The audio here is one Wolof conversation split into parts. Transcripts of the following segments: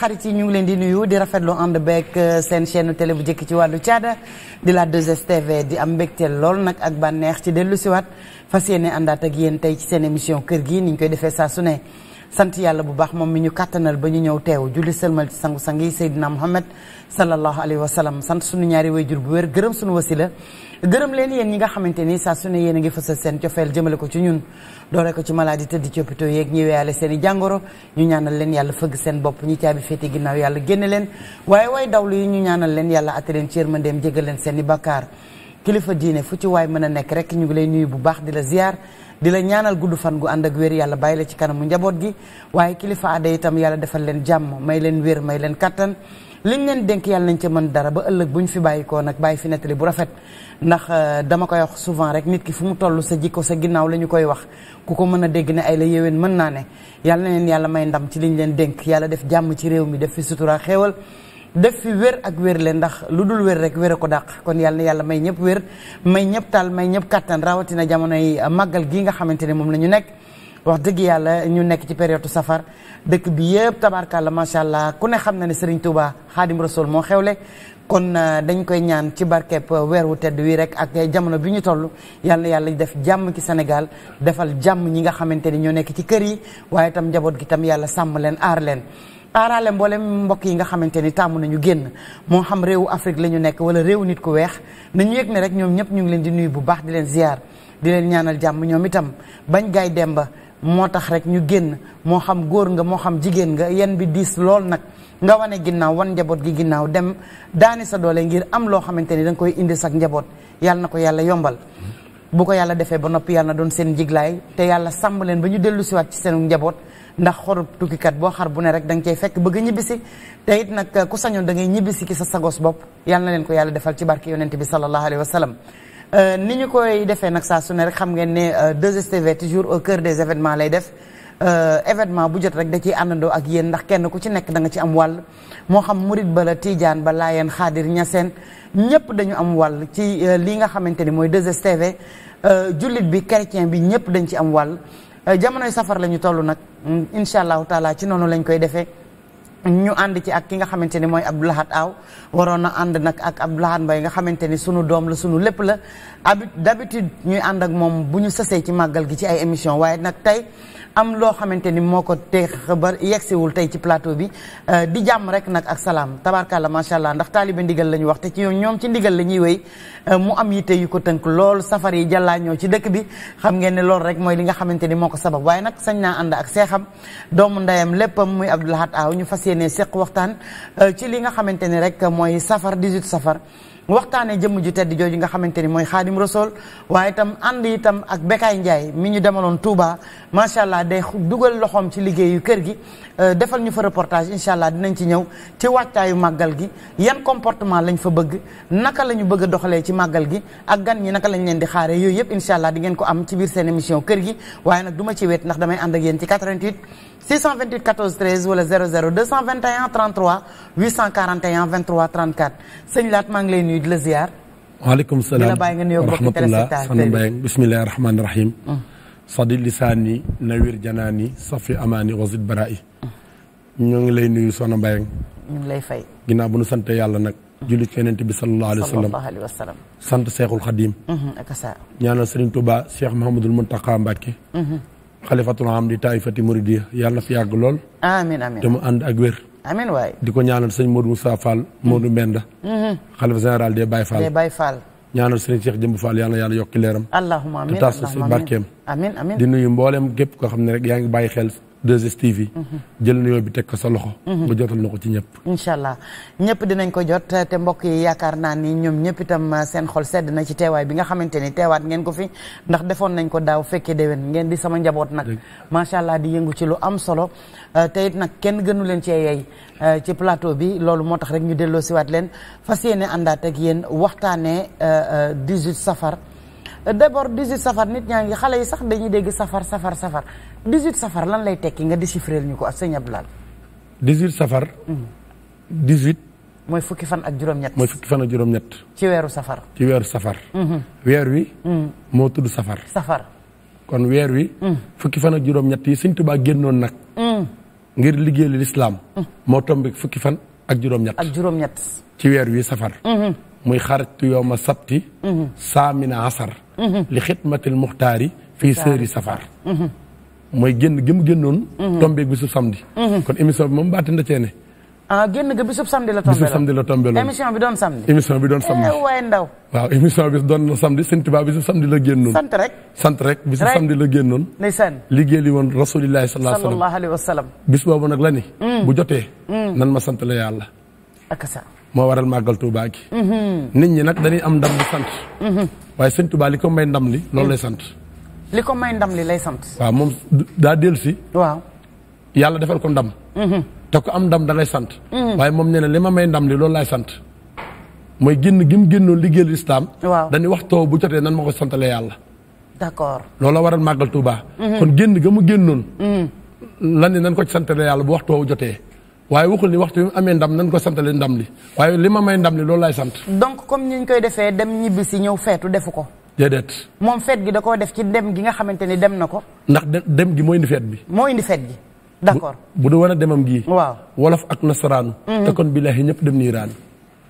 xarit yi ñu ngi leen di nuyu di rafetlu ànd beeg euh, seen chaîne télé bu njëkk ci wàllu caada di la 2STV di am mbégteel lool nag ak bànneex ci dellu siwaat fas yéene àndaat ak yéen tey ci seen émission kër gi ni ñu koy defee saa su ne sant yàlla bu baax moom mi ñu kàttanal ba ñu ñëw teew julli sëlmal ci sangu-sang yi Seydina Mohamed sallallahu alayhi wa sallam sant suñu ñaari jur bu wér gërëm suñu wasila gërëm leen yéen ñi nga xamante ni saa sunu ne yéen a ngi fësal seen cofeel jëmale ko ci ñun doore ko ci maladie tëdd ci hôpitaux yeeg ñi weyaale seen i jàngoro ñu ñaanal leen yàlla fëgg seen bopp ñi caabi féete ginnaaw yàlla génne leen waaye waay dawlu yi ñu ñaanal leen yàlla atte leen ci yërmandeem jégal leen seeni i bakkaar kilifa diine fu ci waay mën a nekk rek ñu ngi lay nuyu bu baax di la ziar di la ñaanal gudd fan gu ànd ak wér yàlla bàyyi la ci kanamu njaboot gi waaye kilifa aada itam yàlla defal leen jàmm may leen wér may leen kattan liñ leen dénk yàlla nañ ca mën dara ba ëllëg bu ñu fi bàyyi ko nag bàyyi fi nettali bu rafet ndax euh, dama koy wax souvent rek nit ki fu mu toll sa jikko sa ginnaaw la ñu koy wax ku ko mën a dégg ne ay la yéwén mën naa ne yàlla na leen yàlla may ndam ci liñ leen dénk yàlla def jàmm ci réew mi def fi sutura xéewal def fi wér ak wér leen ndax lu dul wér rek wér a ko dàq kon yàlla yàlla may ñëpp wér may ñëpp taal may ñëpp kàttan rawatina jamonoy euh, màggal gi nga xamante ne moom la ñu nekk wax dëgg yàlla ñu nekk ci période safar dëkk bi yëpp tabarkàlla macha allah ku ne xam na ne Serigne Touba Xaadim Rasul moo xewle. kon na euh, dañ koy ñaan ci barkeep euh, weer wu tedd wii rek ak euh, jamono bi ñu toll yàlla na yàlla def jàmm ci Sénégal defal jàmm ñi nga xamante ni ñoo nekk ci kër yi waaye tam njaboot gi tam yàlla sàmm leen aar leen. aaraale mboolem mbokk yi nga xamante ni tàmm nañu génn moo xam réewu Afrique la ñu nekk wala réew nit ku weex nañu rek ñoom ñëpp ñu ngi leen di nuyu bu baax di leen ziar di jàmm ñoom itam moo tax rek ñu génn moo xam góor nga moo xam jigéen nga yen bi diis lool nag nga wane ginnaaw wan njaboot gi ginnaaw dem daani sa doole ngir am loo xamante ni da koy indi sax njaboot yàlla na ko yàlla yombal. bu ko yàlla defee ba noppi yàlla doon seen jiglaay te yàlla sàmm leen ba ñu dellu si ci seenu njaboot ndax xorub tukkikat boo xar bu ne rek danga nga cay fekk bëgg a ñibbisi te it nag ku sañoon da ngay ñibbisi ki sa sagoos bopp yàlla na leen ko yàlla defal ci barke yonent bi sallallahu alayhi wa sallam Euh, ni ñu koy defee nag saa su ne rek xam ngeen ne euh, 2STV toujours au cœur des événement lay def euh, événement bu jot rek da ciy àndandoo ak yéen ndax kenn ku ci nekk da nga ci am wàll moo xam murit ba la Tidiane ba Laayeen Xaadir Ñaseen ñëpp dañu am wàll ci lii nga xamante ni mooy 2STV jullit bi chrétien bi ñëpp dañu ci am wàll jamonoy safar la ñu toll nag mm, incha allahu taala ci noonu lañ koy defee. ñu ànd ci ak ki nga xamante ni mooy ab Lahad Aw waroon na ànd nag ak Abdou Lahad Mbaye nga xamante ni sunu doom la sunu lépp la habit d'habitude ñuy ànd ak moom bu ñu sësee ci màggal gi ci ay émission waaye nag tey am loo xamante ni moo ko te xabar yegsiwul tey ci plateau bi euh, di jàmm rek nag ak salaam tabarkàlla macha allah ndax taaliba ndigal la ñu wax te ci ñoom ci ndigal la ñuy wéy euh, mu am yitte yu ko tënk lool safar yi jàllaa ñoo ci dëkk bi xam ngeen ne loolu rek mooy li nga xamante ni moo ko sabab waaye nag sañ naa ànd ak seexam doomu ndeyam léppam muy Abdoulahat Aw ñu fas yéene seq waxtaan euh, ci li nga xamante ni rek mooy safar 18 safar waxtaanee jëmm ju tedd jooju nga xamante ni mooy xaadim rasool waaye itam ànd itam ak Bekaay Njaay mi ñu demaloon Touba macha allah day dugal loxoom ci liggéeyu kër gi euh, defal ñu fa reportage incha allah dinañ ci ñëw ci wàccaayu màggal gi yan comportement lañ fa bëgg naka la bëgg a doxalee ci màggal gi ak gan ñi naka lañ leen di xaaree yooyu yëpp incha allah di ngeen ko am ci biir seen émission kër gi waaye nag du ci wet ndax damay ànd ak yéen ci 88 628 14 13 wala 00 221 33 841 23 34 sëñ Laat maa ngi lay nuyu di la ziar. waaleykum salaam wa rahmatulah Sane Mbaye bisimilah rahmaani rahim. sadi mm. lisaani nawir janaani safi amaani wasid bara'i. ñoo ngi lay nuyu Sone Mbaye. ñu ngi lay fay. ginnaaw bu nu sant yàlla nag. jullit ci yonent bi sallallahu alayhi wa sallam sant Seexul Xadiim. Mm-hmm, ak ñaanal Serigne Touba Cheikh Mouhamadul Mountakha xalifatul am di taayifati muridiya yàlla na fi yàgg lool. amiin amiin te mu ànd ak wér. amiin waay di ko ñaanal sëñ Modou Moussa Fall Modou Mbenda. Mm-hmm. xalifa général des Baye Fall des Baye Fall. ñaanal sëriñ Cheikh Jëmb Fall yàlla yàlla yokki leeram. allahumma amiin te taas barkeem. amiin amiin mboolem képp koo xam ne rek yaa ngi bàyyi xel 2STV. jël nuyoo bi teg ko sa loxo. nga mhm. jotal na ko ci ñëpp. incha allah dinañ ko jot te mbokk yi yaakaar naa ni ñoom ñëpp tam seen xol sedd na ci teewaay bi nga xamante ni teewaat ngeen ko fi ndax defoon nañ ko daaw fekkee déwén ngeen di sama njaboot nag. macha allah di yëngu ci lu am solo euh, te it nag kenn gënu leen ci yey euh, ci plateau bi loolu moo tax rek ñu delloo siwaat leen fas yéene àndaat ak yéen waxtaanee 18 euh, safar. d'abord 18 safar nit ñaa ngi xale sax dañuy dégg safar 18 safar lan lay tekki nga déchiffrer ñu ko ak sëñ Abdoulaye. 18 safar. 18. Hmm. mooy fukki fan ak juróom-ñett. mooy fukki fan ak juróom-ñett. ci weeru safar. ci weeru safar. Hmm. weer wi. Hmm. moo tudd safar. safar kon weer wi. fukki fan ak juróom-ñett yi sëñ Tuubaa génnoon nag. ngir liggéeyal lislaam moo tombé fukki fan ak juróom-ñett. ak juróom-ñett. ci weer wi safar. muy xaritu yow ma sabti. saamina asar. li xidmatil muxtaari fii sëri safar. mooy génn gi mu génnoon. Mhm. tombeeg bisu samedi. Mhm. kon émission bi moom baati na cee ne. ah génn ga bisub samedi la tombé bisub samedi la tombé loolu émission bi doon samedi. émission bi doon samedi eh, waaye ndaw. waaw émission bi doon na samedi sëñ Tuubaa bisub samedi la génnoon. sant rek sant rek la génnoon. ndeysaan liggéey li woon rasulillahi sallallahu alayhi wa sallam. bis boobu nag la ni. Mm. bu jotee. Mm. nan ma sant la yàlla. ak sa moo waral màggal Tuubaa gi. Mm-hmm. nit ñi nag dañuy am ndam di sant. Mm-hmm. waaye sëñ li ko may ndam li loolu sant. li ko may ndam li lay sant. waaw moom daa si waaw yàlla defal ko ndam. Mm-hmm. te ko am ndam da sant. Mm-hmm. waaye moom nee na li ma may ndam li loolu laay sant. mooy génn gi mu génnoon liggéeyal lislaam waaw dañuy waxtoo bu jotee nan ma ko santalee yàlla. d'accord loolu la waral màggal Tuuba. Mm-hmm. kon génn ga mu génnoon. lan ni nan ko santalee yàlla bu waxtoo jotee. waaye waxul ni waxtu bi mu amee ndam nan ko santalee ndam li waaye li ma may ndam li loolu laay sant. donc comme ni koy defee dem ñibbi ñëw feetu defu ko. déedéet moom feet gi da koo def ci dem gi nga xamante ni dem na ko ndax dem gi moo indi feet bi moo indi feet gi d'accord bu du wan a demam gii waaw wolof ak nasaraanu mhm. te kon billaahi ñëpp dem niiraan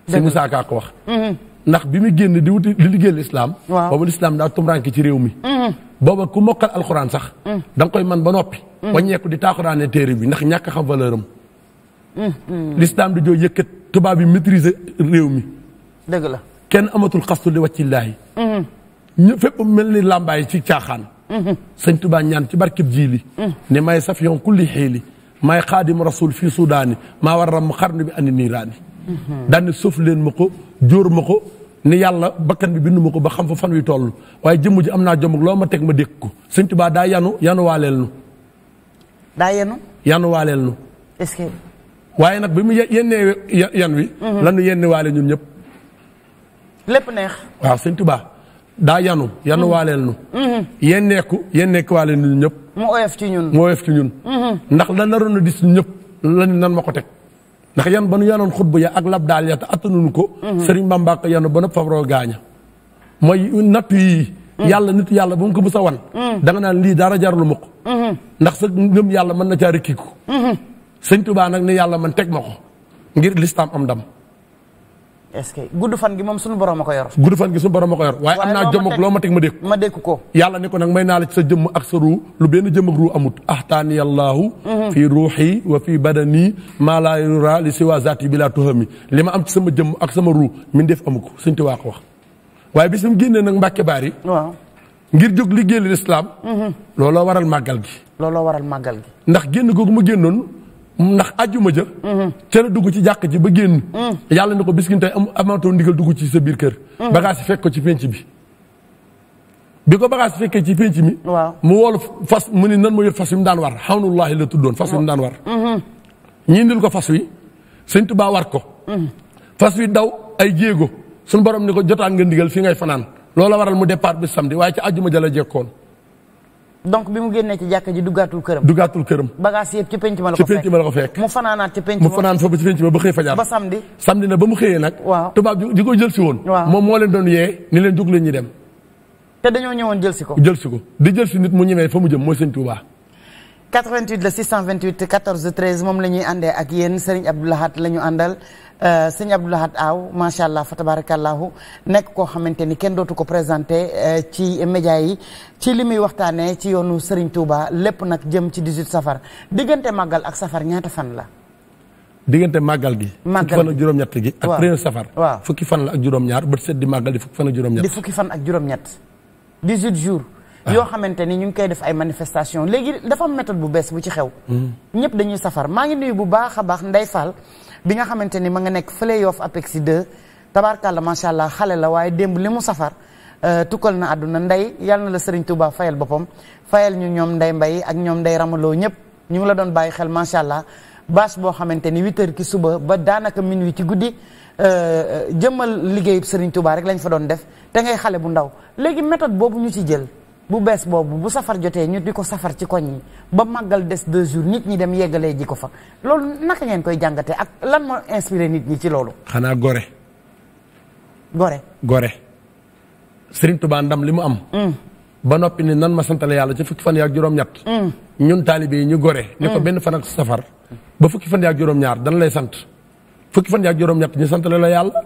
si Musaa Ka ko wax mhm. ndax bi mu génn di wuti di liggéeyal islaam boobu lislaam daa tumranke ci réew mi mhm. booba ku mokkal alxuraan sax mm. da koy man ba noppi mm. wañeeku di taaxuraane téere bi ndax ñàkk xam valeur am mm, lislaam di joo yëkkat tubaab bi maîtriser réew mi dëgg la kenn amatul xastu li ñu fépp mel ni làmbaay ci caaxaan. Mhm. sëñ ñaan ci barkeb jiili. Mhm. ne may safiyon kulli xiili may xaadim rasul fii sudaani maa war ram xarnu bi ani niiraani. Mhm. daan ne suuf leen ko jóor ma ko yàlla bakkan bi bindu ma ko ba xam fa fan wi toll waaye jëmm ji am naa jomb loo ma teg ma dégg ko sëñ daa yanu yanu waaleel nu. daa yanu. yanu waaleel nu. waaye nag bi mu yennee yan wi. lan la yenn waale ñun ñëpp. lépp neex. waaw sëñ daa yanu yanu mm-hmm. waaleel nu mm-hmm. yéen nekku yéen nekk waale nu ñëpp mu oyof ci ñun mu oyof ci ñun mm-hmm. ndax la naroon a dis ñëpp lan nan ma ko teg ndax yan ba nu yanoon xutba ya ak lab daal ya te attanuñu ko sëriñ Bamba ko yanu ba na favroo gaaña mooy nattu yi yàlla nit yàlla bu mu ko mës a wan da nga naan lii dara jarlu ma ko ndax sa ngëm yàlla mën na caa rikkiku sëñ baa nag ne yàlla man teg ma ko ngir lislaam am dam est gudd fan gi moom suñu borom a ko yor. gudd fan gi suñu borom a ko yor. waaye am naa jëmm ak loo ma teg ma dékku. ma dékku ko. yàlla ni ko nag may naa la ci sa jëmm ak sa ruu lu benn jëmm ak ruu amut. ahtaani allahu mhm. fi ruuxi wa fi badani maa laa yura si waa zaati bilaa laa tuhami li ma am ci sama jëmm ak sama ruu min def amu ko suñu waa ko wax. waaye bis mu génnee nag mbàkke baar yi. waaw ngir jóg liggéeyal lislaam. Mhm. looloo waral màggal gi. looloo waral màggal gi. ndax génn googu ma génnoon. ndax àjjuma ja mm-hmm. ca la dugg ci jàkk ji ba génn mm. yàlla ni ko biskin tey amatoo ndigal dugg ci sa biir kër mm. bagage yi fekk ko ci pénc bi bi ko bagage fekkee ci pénc mi mu woolu fas mu ni nan ma yor fas wi mu daan war xawnullaahi la tuddoon fas wi mu daan war mm-hmm. ñi indil ko fas wi sëñ Tuubaa war ko mm-hmm. fas wi daw ay jéego suñu borom ni ko jotaan nga ndigal fi ngay fanaan loola waral mu départ bi samedi waaye ci àjjuma ja la jekkoon donc bi mu génnee ci jàkka ji duggaatul këram. duggaatul këram. bagaas yëpp ci penc ma la ko fekk ci penc ma la ko fekk. mu fanaanaat ci penc ma mu fanaan fa ba ci penc ma ba ba mu xëyee nag. tubaab di ko jël si woon. waaw moom moo leen doon yee ni leen jóg leen dem. te dañoo ñëwoon jël si ko. jël si ko di jël si nit mu ñemee fa mu jëm mooy sëñ Touba. la moom la ñuy àndee ak yéen Serigne Abdou Lahad la ñu àndal Euh, sëñ Abdou Lahad Aw macha allah fa tabarakallahu nekk koo xamante ni kenn dootu ko présenté euh, ci média yi ci li muy waxtaanee ci yoonu Serigne Touba lépp nag jëm ci 18 safar diggante màggal ak safar ñaata fan la. diggante màggal gi. fukki fan ak juróom-ñett gi. ak premier safar. waaw fukki fan la ak juróom-ñaar bët set di fukki fan ak juróom-ñett. di fukki fan ak juróom-ñett 18 jours. Ah. yoo xamante ni ñu ngi koy def ay manifestation léegi dafa am bu bees bu ci xew hmm. ñëpp dañuy safar maa ngi nuyu bu baax a baax Ndeye Fall bi nga xamante ni ma nga nekk fële Yoff APEXI 2 tabaarkàlla macha allah xale la waaye démb li mu safar euh, tukkal na àdduna Ndeye yal na la Serigne Touba fayal boppam fayal ñu ñoom nday mbay ak ñoom Ndeye Ramaloo ñëpp ñu ngi la doon bàyyi xel macha allah bâche boo xamante ni huit heures ki suba ba daanaka minuit ci guddi euh, euh, jëmmal liggéeyub Serigne Touba rek lañ fa doon def te ngay xale bu ndaw léegi méthode boobu ñu ci jël bu bees boobu bu safar jotee ñu di ko safar ci koñ yi ba màggal des deux jours nit ñi dem yeggalee ji ko fa loolu naka ngeen koy jàngatee ak lan moo inspiré nit ñi ci loolu. xanaa gore. gore gore. Serigne Touba ndam li mu am. Mm. ba noppi ni nan ma santale yàlla ci fukki fan yi ak juróom-ñett. Mm. ñun taalibe ñu gore. ne ko mm. benn fan ak safar. ba fukki fan yi ak juróom-ñaar dan lay sant fukki fan yi ak juróom-ñett ñu santale la yàlla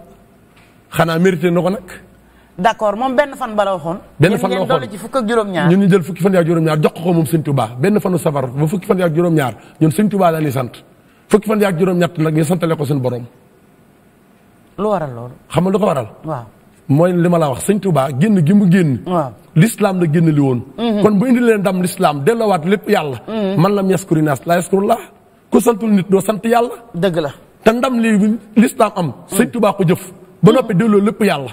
xanaa mérité na ko nag. d'accord moom benn fan bala waxoon. benn fan la waxoon dolli ci fukk ak juróom-ñaar ñun ñu jël fukki fan yaa juróom-ñaar jox ko moom sëñ Touba benn fanu safar ba fukki fan yaa juróom-ñaar ñun sëñ Touba la sant fukki fan yaa juróom-ñett nag ñu santale ko suñu borom. lu waral loolu. xam nga lu ko waral. waaw mooy li ma la wax sëñ Touba génn gi mu génn. waaw l'islam la génn li woon. Mhm. kon bu indi leen ndam l'islam delloowaat lépp yàlla. Mhm. man lam yaskuri naas laa yaskurullah ku santul nit doo sant yàlla. dëgg la te ndam lii l'islam am. sëñ mhm. Touba ko jëf ba noppi delloo lépp yàlla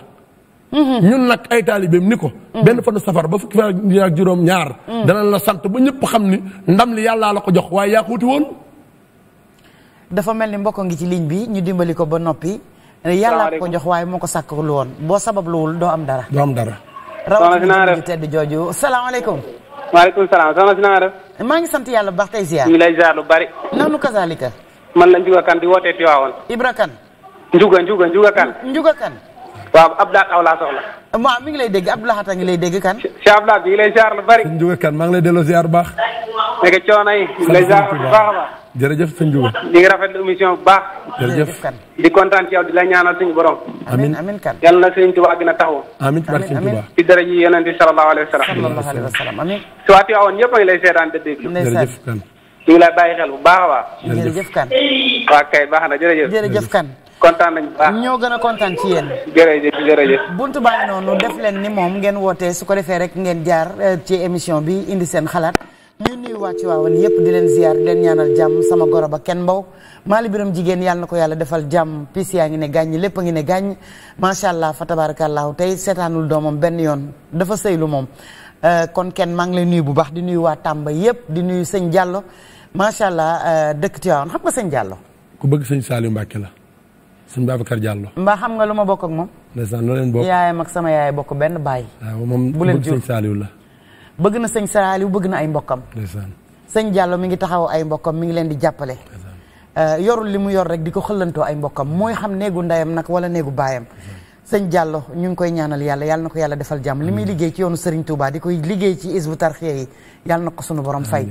ñun nag ay taalibeem ni ko. benn fanu safar ba fukki fan juróom ñaar. danañ la sant ba ñëpp xam ni ndam li yàllaa la ko jox waaye yaa ko wuti woon. dafa mel ni mbokk ngi ci ligne bi ñu dimbali ko ba noppi. yàllaa ko jox waaye moo ko sàkk lu woon boo sababluwul doo am dara. doo am dara. rawatina ñu tedd jooju salaamaaleykum. maaleykum salaam soxna si na nga maa ngi sant yàlla bu baax tey ziar. lu bari. nanu kazaalika. man la Njuga Kan di wootee Tiwaawoon. Ibra Kan. Njuga Njuga waaw Abdoulaye Aw laa soxla. waaw mi ngi lay dégg Abdoulaye Atta ngi lay dégg kan. si Abdoulaye mi ngi lay ziar lu bari. sëñ kan maa ngi lay delloo ziar bu baax. nekk coono yi. mi ngi lay ziar bu baax a baax. jërëjëf sëñ Ndiouga. ñu ngi rafetlu émission bu baax. jërëjëf kan. di kontaan ci yow di la ñaana suñu borom. amiin amiin kan. yal na sëñ Tuubaa gën a taxaw. amiin amiin amiin amiin. ci dara ji yonent bi sallallahu alayhi wa sallam. sallallahu alayhi wa sallam amiin. si waati awoon ñëpp ngi lay seetaan dëgg. jërëjëf kan. ñu xel bu baax a baax. jërëjëf kan. waa kay baax na jërëjëf. kan. kontaan nañu ñoo gën a kontaan ci yéen. jërëjëf jërëjëf. buntu baa ngi noonu def leen ni moom ngeen wootee su ko defee rek ngeen jaar euh, ci émission bi indi seen xalaat ñu nuyu waa Tiwaawan yëpp di leen ziar di leen ñaanal jàmm sama goro ba kenn mbaw maali biram jigéen yàlla na ko yàlla defal jàmm pis yaa ngi ne gàññ lépp a ngi ne gàññ macha allah fa tabarakallahu tey seetaanul doomam benn yoon dafa sëylu moom. Euh, kon kenn maa ngi lay nuyu bu baax di nuyu waa Tamba yëpp di nuyu sëñ macha allah euh, dëkk Tiwaawan xam nga sëñ Diallo. la sëñ Babacar Diallo. mbaa xam nga lu ma bokkak moom. ndeysaan loo leen bokk yaayam ak sama yaay bokk benn baay. waaw moom bu leen jur sëñ la. bëgg na sëñ Saliou bëgg na ay mbokkam. ndeysaan sëñ Diallo mi ngi taxaw ay mbokkam mi ngi leen di jàppale. Euh, yorul li mu yor rek di ko xëllantoo ay mbokkam mooy xam néegu ndeyam nag wala néegu baayam. sëñ Diallo ñu ngi koy ñaanal yàlla yàlla na ko yàlla defal jàmm li muy liggéey ci yoonu Serigne Touba di koy liggéey ci isbu tarxiya yi yàlla na ko sunu borom fay.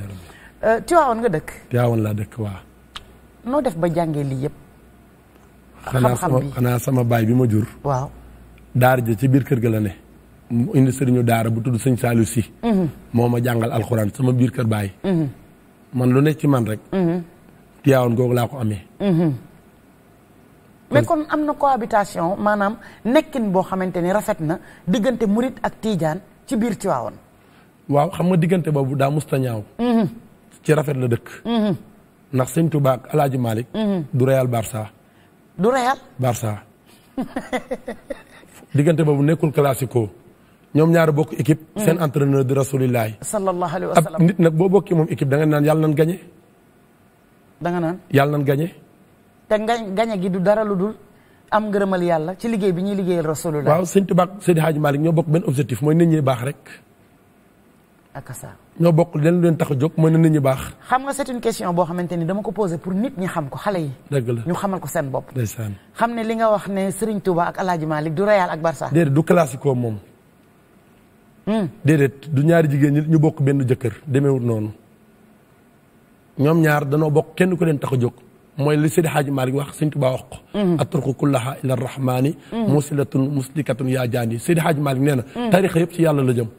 Euh, Tiwaawoon nga dëkk. Tiwaawoon laa dëkk waaw. noo def ba jàngee lii yëpp xam-xam bi xanaa sama baay bi ma jur. waaw daara ji ci biir kër gi la ne. mu indi sëriñu daara bu tudd sëñ Saliou si. Mhm. moo ma jàngal alxuraan sama biir kër baay. Mhm. man lu nekk ci man rek. Mhm. tiyaawoon googu laa ko amee. mais kon am na cohabitation maanaam nekkin boo xamante ni rafet na diggante murit ak tiijaan ci biir Tiwaawan. waaw xam nga diggante boobu daa musta ñaaw. ci rafet la dëkk. ndax sëñ Tuubaa ak El Hadj Malick. du Real Barça. du Real. Barça diggante boobu nekkul classico ñoom ñaari bokk équipe. Mm. seen entraîneur di rasulillahi. sallallahu alayhi wa sallam nit nag boo bokkee moom équipe da nga naan yàlla nan gagné. da nga naan yàlla nan gagné. te nga gagné gi du dara lu dul am ngërëmal yàlla ci liggéey bi ñuy liggéeyal rasulullah. waaw sëñ Tuubaa Seydi Hadji Malick ñoo bokk benn objectif mooy nit ñi baax rek. ak ça. ñoo bokk leen leen tax a jóg mooy na nit ñi baax. xam nga c'est une question boo xamante ni dama ko posé pour nit ñi xam ko xale yi. la ñu xamal ko seen bopp. ndeysaan xam ne li nga wax ne Serigne Touba ak El Hadj Malick du Real ak Barça. déedéet du classico moom. Hmm. déedéet du ñaari jigéen ñi ñu bokk benn jëkkër demeewul noonu. ñoom ñaar danoo bokk kenn ku leen tax a jog mooy li Seydi Hadji Malick wax Sëñ Tuubaa wax ko hmm. aturku kullaha ila rahmani hmm. musilatun muslikatun yaa jaani Seydi si Malick nee na tarixa yëpp ci yàlla la jëm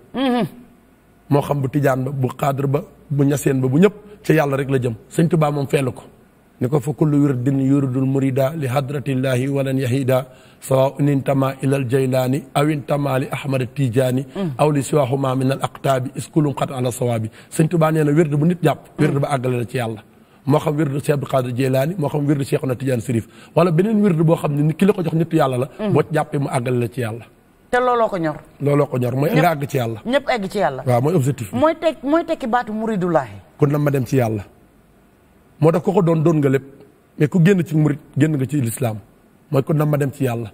moo xam bu tiijaan ba bu xaadir ba bu ñaseen ba bu ñëpp ci yàlla rek la jëm sëñ tubaa moom feelu ko ni ko fa kullu wirdin yuridul murida li hadratillahi walan yahida sawaun intama ila al jaylaani aw intama li ahmad tijaani aw li siwahuma min al aqtaabi iskulum xat ala sawaabi sëñ tubaa nee na wird bu nit jàpp wird ba àggale la ci yàlla moo xam wirdu Cheikh Abdou Qadir Jeylaani moo xam wirdu Cheikh na Tidiane Sirif wala beneen wird boo xam ne ni ki la ko jox nitu yàlla la boo jàppee mu la ci yàlla te looloo ko ñor. looloo ko ñor mooy. nga ci yàlla. ñëpp egg ci yàlla. waaw mooy objectif bi. mooy teg mooy tekki baatu muridulaahi. kon nag ma dem ci yàlla. moo tax ko ko doon doon nga lépp mais ku génn ci murid génn nga ci lislaam mooy kon nag ma dem ci yàlla.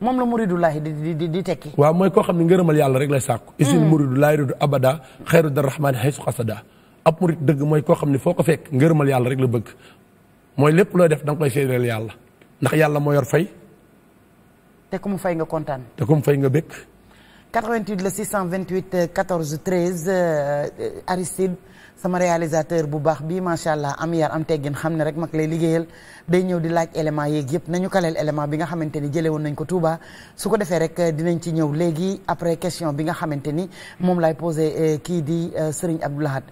moom la muridulaahi di di di di tekki. waaw mooy koo xam ne ngërëmal yàlla rek lay sàkku. Hmm. isin muridulaahi ridu abada xayru dar rahmaani haysu xasada ab murid dëgg mooy koo xam ne foo ko fekk ngërëmal yàlla rek la bëgg mooy lépp looy def da nga koy seedeel yàlla ndax yàlla moo yor fay te ku mu fay nga kontaan. te ku mu fay nga bëgg. 88 la 628 14 13 Aristide sama réalisateur bu baax bii macha allah am yar am teggin xam ne rek mag lay liggéeyal day ñëw di laaj élément yeeg yëpp nañu kaleel élément bi nga xamante ni jëlee woon nañ ko Touba su ko defee rek euh, dinañ ci ñëw léegi après question bi nga xamante ni moom lay posé euh, kii di euh, Serigne Abdou Lahad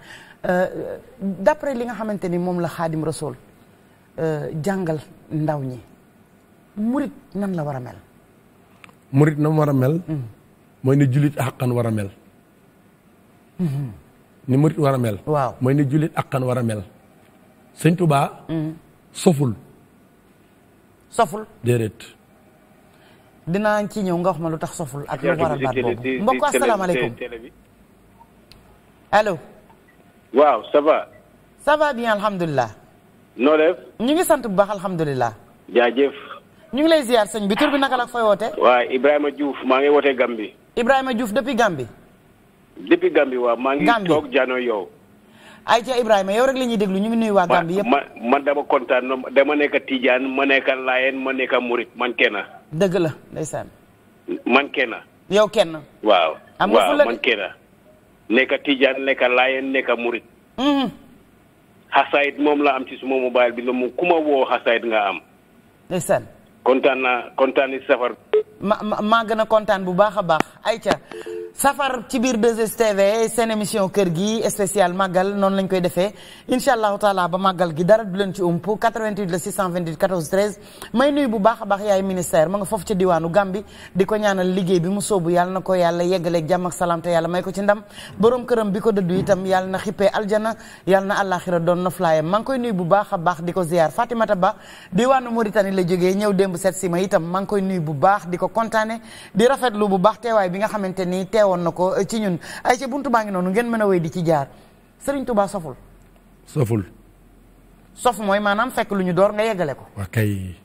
li nga xamante ni moom la Xaadim Rasool jàngal ndaw ñi murit la war a mel. murit na mu war a mel. Hmm. mooy ne jullit àqan war a mel. Hmm. ni murit war a mel. waaw mooy ne jullit àqan war a mel. sëñ Touba. Hmm. soful. soful déedéet. dinaa ci ñëw nga wax lu tax soful ak lu waral baat boobu mbokk asalaamaaleykum allo. waaw ça va. ça va ngi sant bu baax alhamdulilah. ñu ngi lay ziar sëñ bi tur bi naka la fooy woote. waaw Ibrahima Diouf maa ngi wootee Gambie. Ibrahima Diouf depuis Gambie. depuis Gambie waaw maa ngi. toog jaano yow. ayca Ibrahima yow rek la ñuy déglu ñu ngi nuyu waa Gambie yëpp. ma man dama kontaan dama nekk tiijaan ma nekk Layen ma nekk Murit man kenn. dëgg la ndeysaan. man kenn. waaw. am nga fu la waaw man kenn. nekk Tidiane nekk Murit. Mhm. xasaayit moom la am ci suma mobile bi la mu ku ma woo xasaayit nga am. ndeysaan. kontaan naa kontaan ni kontaan bu baax a baax ay ayca safar ci biir 2STV seen émission kër gi spécial màggal noonu lañ koy defee incha allahu taala ba màggal gi dara du leen ci ump 88 la 628 14 13 may nuyu bu baax a baax yaay ministère ma foofu ci diwaanu Gàmbi di ko ñaanal liggéey bi mu sóobu yàlla na ko yàlla yeggaleeg jàmm ak salaam te yàlla may ko ci ndam borom këram bi ko dëddu itam yàlla na xippee aljana yàlla na àllaaxira doon na flaayam ngi koy nuyu bu baax a baax di ko ziar bu set si ma itam maa ngi koy nuyu bu baax di ko kontaane di rafetlu bu baax teewaay bi nga xamante ni teewoon na ko eh, ci ñun ay ci buntu baa ngi noonu ngeen mën a wéy di ci jaar Serigne Touba soful. sof mooy maanaam fekk lu ñu door nga yeggale ko. waaw kay.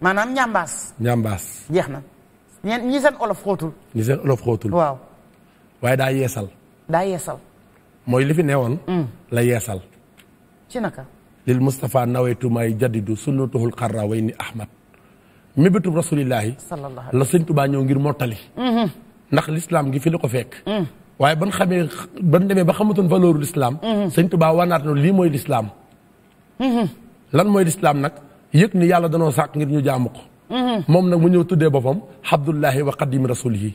maanaam ñambaas. ñambaas. jeex na ñeen ñi seen olof xóotul. ñi seen olof xóotul. waaw. waaye daa yeesal. daa yeesal. mooy li fi newoon. Mm. la yeesal. ci naka. lil Moustapha nawaytu may jaddidu sunnatuhul ni Ahmad. mébétub rasulillahi la sëñ tubaa ñëw ngir mottali mm-hmm. ndax lislaam gi fi la ko fekk mm. waaye ban xamee ban demee ba xamatoon valeur lislaam mm-hmm. sëñ tubaa wanaat na lii mooy lislaam mm-hmm. lan mooy lislaam nag yëg ni yàlla danoo sàkk ngir ñu jaamu ko moom nag mu ñëw tuddee boppam abdullahi wa qadimi rasulihi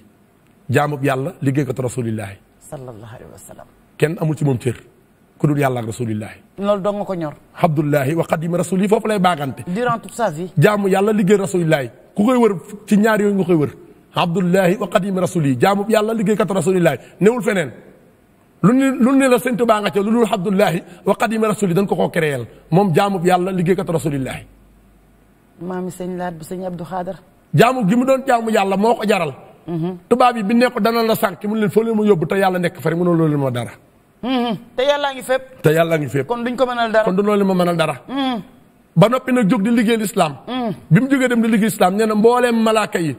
jaamub yàlla liggéeykatu rasulillahi sallallahu alayhi wa sallam kenn amul ci moom cër loolu dong ko ñor. abdullahi wa xadima rasuli foofu lay baagante. durant toute sa vie. jaamu yàlla liggéey rasulillahi ku koy wër ci ñaar yooyu nga koy wër abdullahi wa xadima rasuli jaamu yàlla liggéey kat rasulillahi newul feneen. lu ne lu ne la sëñ Tuubaa nga ca lu dul abdullahi wa xadima rasuli dañ ko koo créel moom jaamu yàlla liggéey kat rasulillahi. maami sëñ laat bi sëñ Abdou Xaadar. jaamu gi mu doon jaamu yàlla moo ko jaral. Mhm. tubaab yi bi ne ko dana la leen foo leen ma yóbbu te yàlla nekk fari mënoo loolu dara Mm-hmm. te yàllaa ngi fépp. te yàllaa ngi fépp. kon duñ ko mënal dara kon du loolu ma mana dara. Mm-hmm. ba noppi nag jóg di liggéey lislaam mm-hmm. bi mu jógee dem di liggéey lislaam nee na mbooleem malaaka yi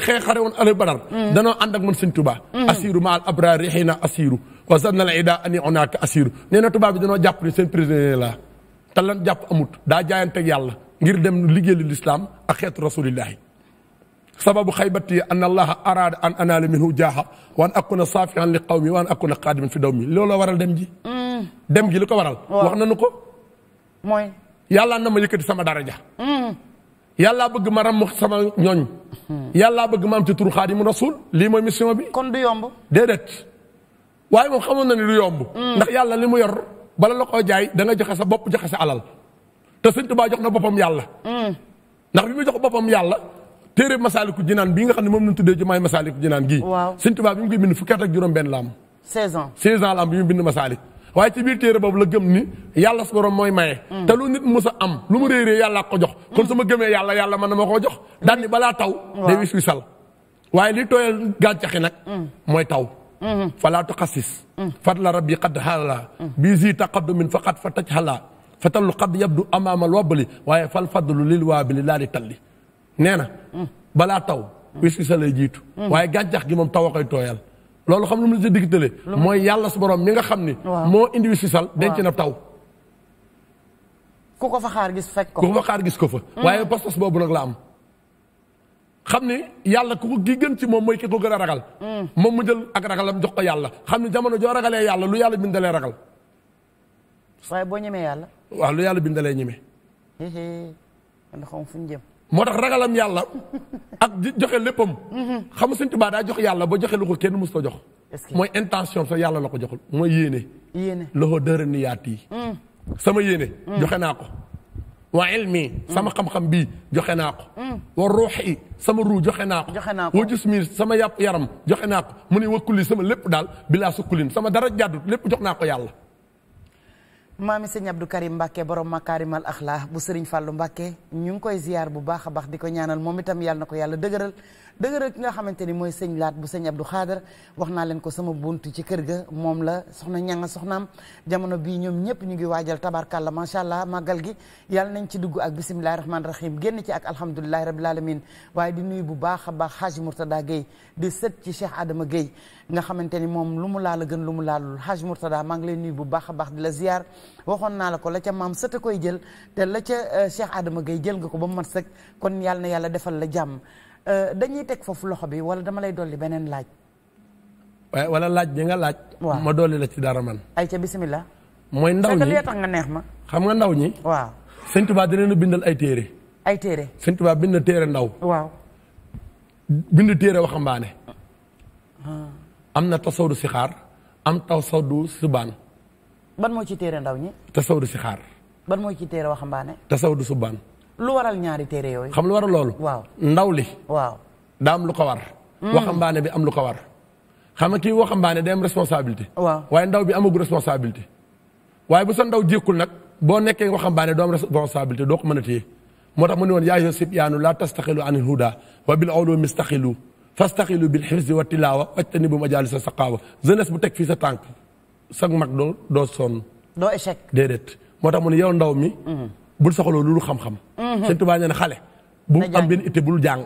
xee xare woon ale badar danoo ànd ak man sëñ Tuubaa assiru ma al abraar xiina assiru wa zanna al ida ani onaaka assiru nee na tubaab bi danoo jàpp ni seen prisonnier la te lan jàpp amut daa jaayante yàlla ngir dem liggéey li lislaam ak xeetu rasulillahi sababu xaybati an allaha araada an anaala minhu jaaha wa an akuna saafihan li qawmi wa an akuna qaadiman fi dawmi looloo waral dem ji. Mm. dem ji li ko waral. wax nañu ko. mooy. yàlla na ma yëkkati sama daraja. Mm. yàlla bëgg ma ram sama ñooñ. Mm. yàlla bëgg ma am ci turu xaadimu rasul lii mooy mission bi. kon du yomb. déedéet waaye moom xamoon na ni du yomb. ndax yàlla li mu yor bala la koo jaay da nga joxe sa bopp joxe sa alal te Sëñ Tuubaa jox na boppam yàlla. ndax bi téere Masaalikul Jinaan bii nga xam ne moom lañ tuddee jumaay Masaalikul Jinaan gii Sëñ Tuubaa bi mu koy bind fukki at juróom benn la am 16 ans 16 ans la bi mu bind Masaalik waaye ci boobu la gëm ni yàlla mooy maye mm. te lu nit mës a am lu mu réerée yàlla ko jox kon mm. su ma gëmee yàlla yàlla mën na ma koo jox daan ni balaa taw day wis wisal waaye li tooyal gàncaxi nag mm. mooy taw mm-hmm. falaa tuxassis fadla rabbi xad xala bii zi taqaddumin faqat fa taj xala fa tallu xad yabdu amaamal wabali waaye fal fadlu lil waabili laa di talli nee na. balaa taw. wis wi sa jiitu. waaye gàncax gi moom taw a koy tooyal. loolu xam lu mu si digtale mooy yàlla su borom mi nga xam ni. moo indi wis wi sal denc na taw. ku ko fa xaar gis fekk ko ku fa xaar gis ko fa. Mm. waaye pas-pas boobu nag la am. xam ni yàlla ku ko gi gën ci moom mooy ki ko gën a ragal. Mm. moom mu jël ak mu jox ko yàlla xam ni jamono joo ragalee yàlla lu yàlla bindalee ragal. waaye boo ñemee yàlla. waaw lu yàlla bindalee ñeme. ndax moo tax ragalam yàlla ak joxe léppam. Mhm. xam nga Sëñ Tuubaa daa jox yàlla ba joxe lu ko kenn mës jox. mooy intention sax yàlla la ko joxul mooy yéene. yéene loxo dëra yi. Mm. sama yéene. Mm. naa ko. waa ilmi mm. sama xam bii joxe naa ko. wa ruuxi sama ruu joxe naa ko. joxe naa ko wa jismi sama yàpp yaram joxe naa ko mu ne wa kulli sama lépp daal bilaa sukkulin sama dara jàddut lépp jox naa ko yàlla. maami sëñ Abdou Karim Mbacke borom makaarimal axlaa bu Serigne Fallou Mbacke ñu ngi koy ziar bu baax a baax ko ñaanal moom itam yàlla na ko yàlla dëgëral. dëgëral ki nga xamante ni mooy sëñ laat bu sëñ Abdou Khader wax naa leen ko sama buntu ci kër ga moom la soxna ñanga soxnaam jamono bii ñoom ñëpp ñu ngi waajal tabarkàlla macha allah màggal gi yàlla nañ ci dugg ak bisimilahi rahmaani rahim génn ci ak alhamdulilahi rabil alamin waaye di nuyu bu baax a baax Haji Mourtada Guèye di sët ci Cheikh Adama Guèye nga xamante ni moom lu mu laal a gën lu mu laalul Haji Mourtada maa ngi lay nuyu bu baax a baax di la ziar waxoon naa la ko la ca maam sëta koy jël la ca euh, Cheikh Adama Guèye jël nga ko ba mu mat sëkk kon yàlla na yàlla defal la jàmm Euh, dañuy teg foofu loxo bi wala dama lay dolli beneen laaj. waaye wala laaj bi nga laaj. waaw ma dolli la ci dara man. ayca bisimilah. mooy ndaw ñi tax nga neex ma. xam nga ndaw ñi. waaw sëñ Tuubaa dina leen ay téere. ay téere sëñ Tuubaa téere ndaw. waaw. bind téere waxambaane. Ah. am na tasawdu si xaar am tasawdu subaan. ban moo ci téere ndaw ñi. tasawdu si xaar. ban moo ci téere waxambaane. tasawdu subaan. lu waral ñaari téere yooyu. xam lu waral loolu. waaw ndaw li. waaw daa am lu ko war. Hmm. waxambaane bi am lu ko war. xam nga kii waxambaane day am responsabilité. waaw waaye ndaw bi amagul responsabilité. waaye bu sa ndaw jékkul nag boo nekkee waxambaane doo am responsabilité doo ko mën a téye moo tax mu ne woon yaa ayyuha sibyaanu laa tastaxilu anil huda wa bil ulumi staxilu fastaxilu bil xifzi wa tilaawa wajtanibu majalisa saqaawa jeunesse bu teg fii sa tànk sag mag doo doo sonn. doo échec moo tax mu yow ndaw mi. Hmm. bul soxla lu xam-xam. Mhm. sëñ Tuubaa nee na xale. bu am benn itte bul jàng.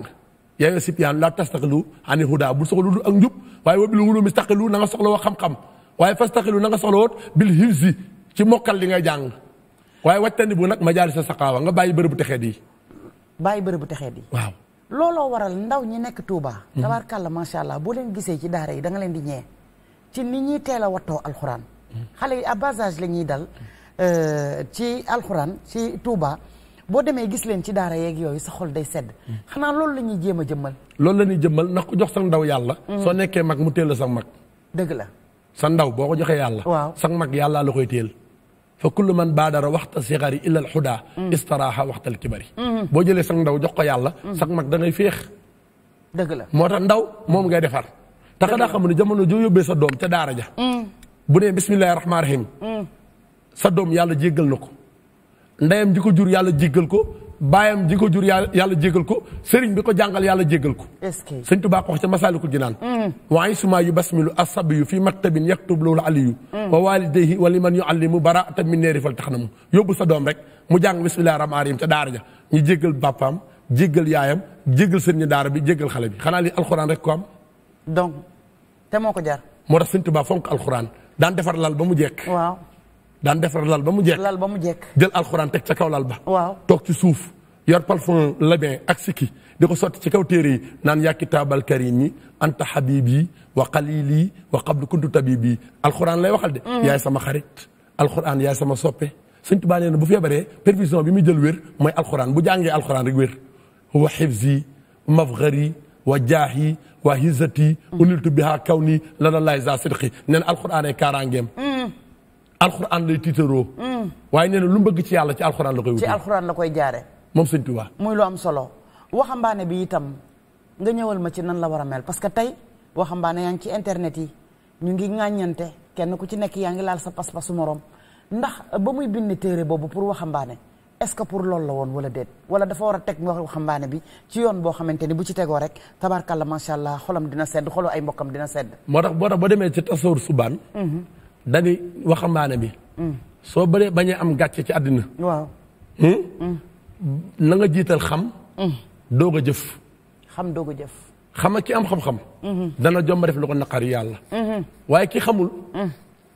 yaa ngi sipiyaan laa tastaqilu ani huda bul soxla lu ak njub waaye wa bil ulumi staqilu na nga soxla woo xam-xam waaye fastaqilu na nga soxla woot bil hifzi ci mokkal li ngay jàng waaye wattandi bu nag ma jaari sa saqaawa nga bàyyi bërëbu texeet yi. bàyyi bërëbu texeet yi. waaw looloo waral ndaw ñi nekk Touba. Mhm. kàll macha allah boo leen gisee ci daara yi da leen di ñee ci ni ñuy teel a wattoo alxuraan. Mhm. xale yi à bas la ñuy dal Euh, ci alxuraan ci Touba boo demee gis leen ci daara yeeg yooyu sa xol day sedd. xanaa lool la ñuy jéem a jëmmal. lool la ñuy jëmmal ndax ku jox sa ndaw yàlla. Mm. soo nekkee mag mu la sa mag. dëgg la. sa ndaw boo ko joxee yàlla. waaw sa mag yàlla la koy teel. fa kullu man baadara waxta sigari illa al xudaa. Mm. istaraaxa waxtal kibari. Mm-hmm. boo jëlee sa ndaw jox ko yàlla. Mm. sa mag da ngay féex. dëgg la moo tax ndaw moom ngay defar. tax daa xam ne jamono joo yóbbee sa doom ca daara ja. bu nee bismillahi rahmaani rahim. sa doom yàlla jéggal na ko ndeyam ji ko jur yàlla jéggal ko baayam ji ko jur yàlla jéggal ko sëriñ bi ko jàngal yàlla jéggal ko sëñ Tuubaa ko wax ca Masaalikul Jinaan mm. waaye suma yu basmilu asab yu fii maktabin yaktub loolu aliyu mm. wa walidayhi wa liman yuallimu baraatan min neeri fal tax na mu yóbbu sa doom rek mu jàng bismillahi rahmaani rahim ca daara ja ñu jéggal bàppam jéggal yaayam jéggal sëriñ daara bi jéggal xale bi xanaa li alxuraan rek ko am donc te moo ko jar moo tax sëñ Tuubaa fonk daan defar lal ba daan defar lal ba mu jekk lal ba mu jël alxuraan teg ca kaw lal ba. waaw toog ci suuf yor parfum labin ak sikki di ko sotti ci kaw téere yi naan yaa kitaabal karim yi anta habibi wa qalili wa qablu kuntu tabibi alxuraan lay waxal de. Mm. yaay sama xarit alxuraan yaay sama soppe. sëñ Tuubaa nee na bu feebaree perfusion bi mu jël wér mooy alxuraan bu jàngee alxuraan rek wér wa xibsi mafgari wa jaahi wa hizati mm. uniltu biha kaw nii lana laay za sidqi nee na alxuraan ay kaaraangeem mm. alxuraan lay tiitaroo. waaye nee na lu mu bëgg ci yàlla ci alxuraan la koy wutee. ci alxuraan la koy jaare moom sëñ Tuubaa. muy lu am solo waxambaane bi itam nga ñëwal ma ci nan la war a mel parce que tey waxambaane yaa ngi ci internet yi ñu ngi ŋàññante kenn ku ci nekk yaa ngi laal sa pas-pasu morom ndax ba muy bind téere boobu pour waxambaane est-ce que pour lool la woon wala déet wala dafa war a teg waxambaane bi ci yoon boo xamante ni bu ci tegoo rek tabaarkalla macha allah xolam dina sedd xolu ay mbokkam dina sedd. moo tax boo tax ba demee ci tasawur subaan. Mhm. dani waxambaane bi. Mm. soo bëree bañ am gàcce ci àddina. waaw. Hmm? Mm. nga jiital xam. Mm. doog a jëf. xam doog a jëf. xama ki am xam-xam. Mm-hmm. dana jomba def lu ko yàlla. Mm-hmm. waaye ki xamul.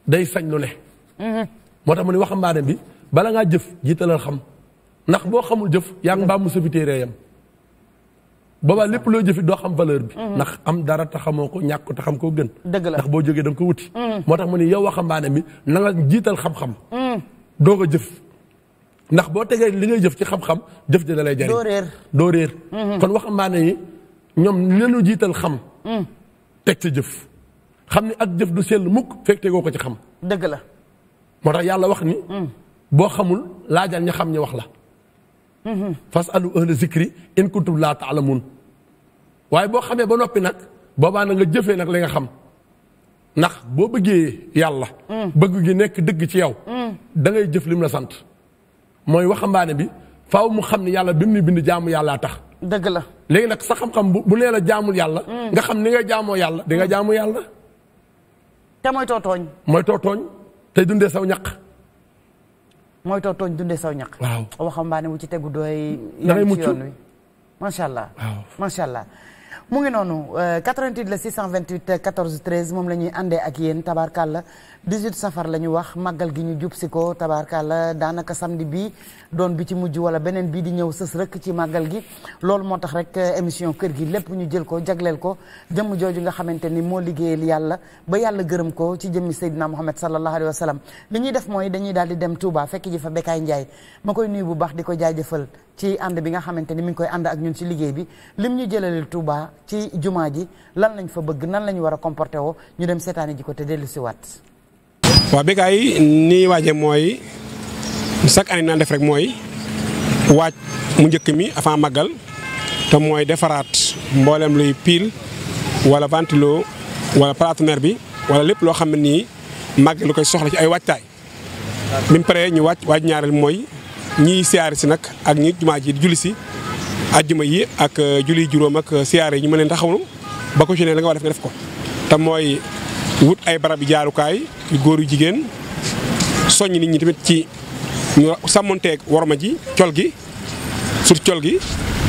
day sañ lu ne. Mm-hmm. moo tax mu ne waxambaane bi bala ngaa jëf jiitalal xam ndax boo xamul jëf yaa ngi mbaa mu sëbitee reeyam boobaa lépp loo jëfi doo xam valeur bi mm-hmm. ndax am dara te xamoo ko ñàkk ko te xam koo gën ndax boo jógee danga nga ko wuti mm-hmm. moo tax mu ni yow waxambaane mi na nga jiital xam-xam mm-hmm. doo ko jëf ndax boo tegee li ngay jëf ci xam-xam jëf ji da lay jariñ doo réer waxambaane yi ñoom leenu jiital xam jëf xam ni ak jëf du sell mukk fekk tegoo ko ci xam dëgg la moo tax yàlla wax ni boo xamul laajal ña xam ñi wax la fas alu ahla zikri in kuntum laa taalamun waaye boo xamee ba noppi nag boobaa na nga jëfee nag li nga xam ndax boo bëggee yàlla. bëgg gi nekk dëgg ci yow. da ngay jëf lim la sant mooy waxambaane bi faaw mu xam ne yàlla bi mu bind jaamu yàlla tax. dëgg la léegi nag sa xam-xam bu bu nee la jaamul yàlla. nga xam ni nga jaamoo yàlla di nga jaamu yàlla. te mooy tootooñ. mooy tootooñ tey dundee saw ñaq. mooy too tooñ dundee saw ñaq waaw waxambaane wu ci tegu dooy yoon ci yoon wi macha allah waaw macha allah mu ngi noonu 88 euh, la 628 14 13 moom la ñuy àndee ak yéen tabarkàlla 18 safar la ñu wax màggal gi ñu jub si ko tabaarkàlla daanaka samedi bi doon bi ci mujj wala beneen bii di ñëw sës rek ci màggal gi loolu moo tax rek euh, émission kër gi lépp ñu jël ko jagleel ko jëmm jooju nga xamante ni moo liggéeyal yàlla ba yàlla gërëm ko ci jëmmi Seydina Muhammad sallallahu alayhi wa sallam li ñuy def mooy dañuy daal di dem Touba fekk ji fa Bekaay Ndiaye ma koy nuyu bu baax di ko jaajëfal ci ànd bi nga xamante ni mi ngi koy ànd ak ñun ci liggéey bi lim ñu jëlaleel Touba ci jumaa ji lan lañ fa bëgg nan lañ war a comporté woo ñu dem seetaani ji ko dellu si waaw Bécaye nii waaje mooy chaque année naan def rek mooy waaj mu njëkk mi avant màggal te mooy defaraat mboolem luy piil wala ventilo wala paratonnerre bi wala lépp loo xam ne nii màggal lu koy soxla ci ay waajtaay bi mu paree ñu waaj waaj ñaareel mooy ñiy siyaari si nag ak ñi jumaa ji di julli si ajjuma yi ak julli juróom ak siyaare yi ñu mën leen taxawlu ba ko ci ne la nga war def nga def ko te mooy wut ay barab jaarukaay yu góor yu jigéen soññ nit ñi tamit ci ñu sàmmonteeg worma ji col gi surtout col gi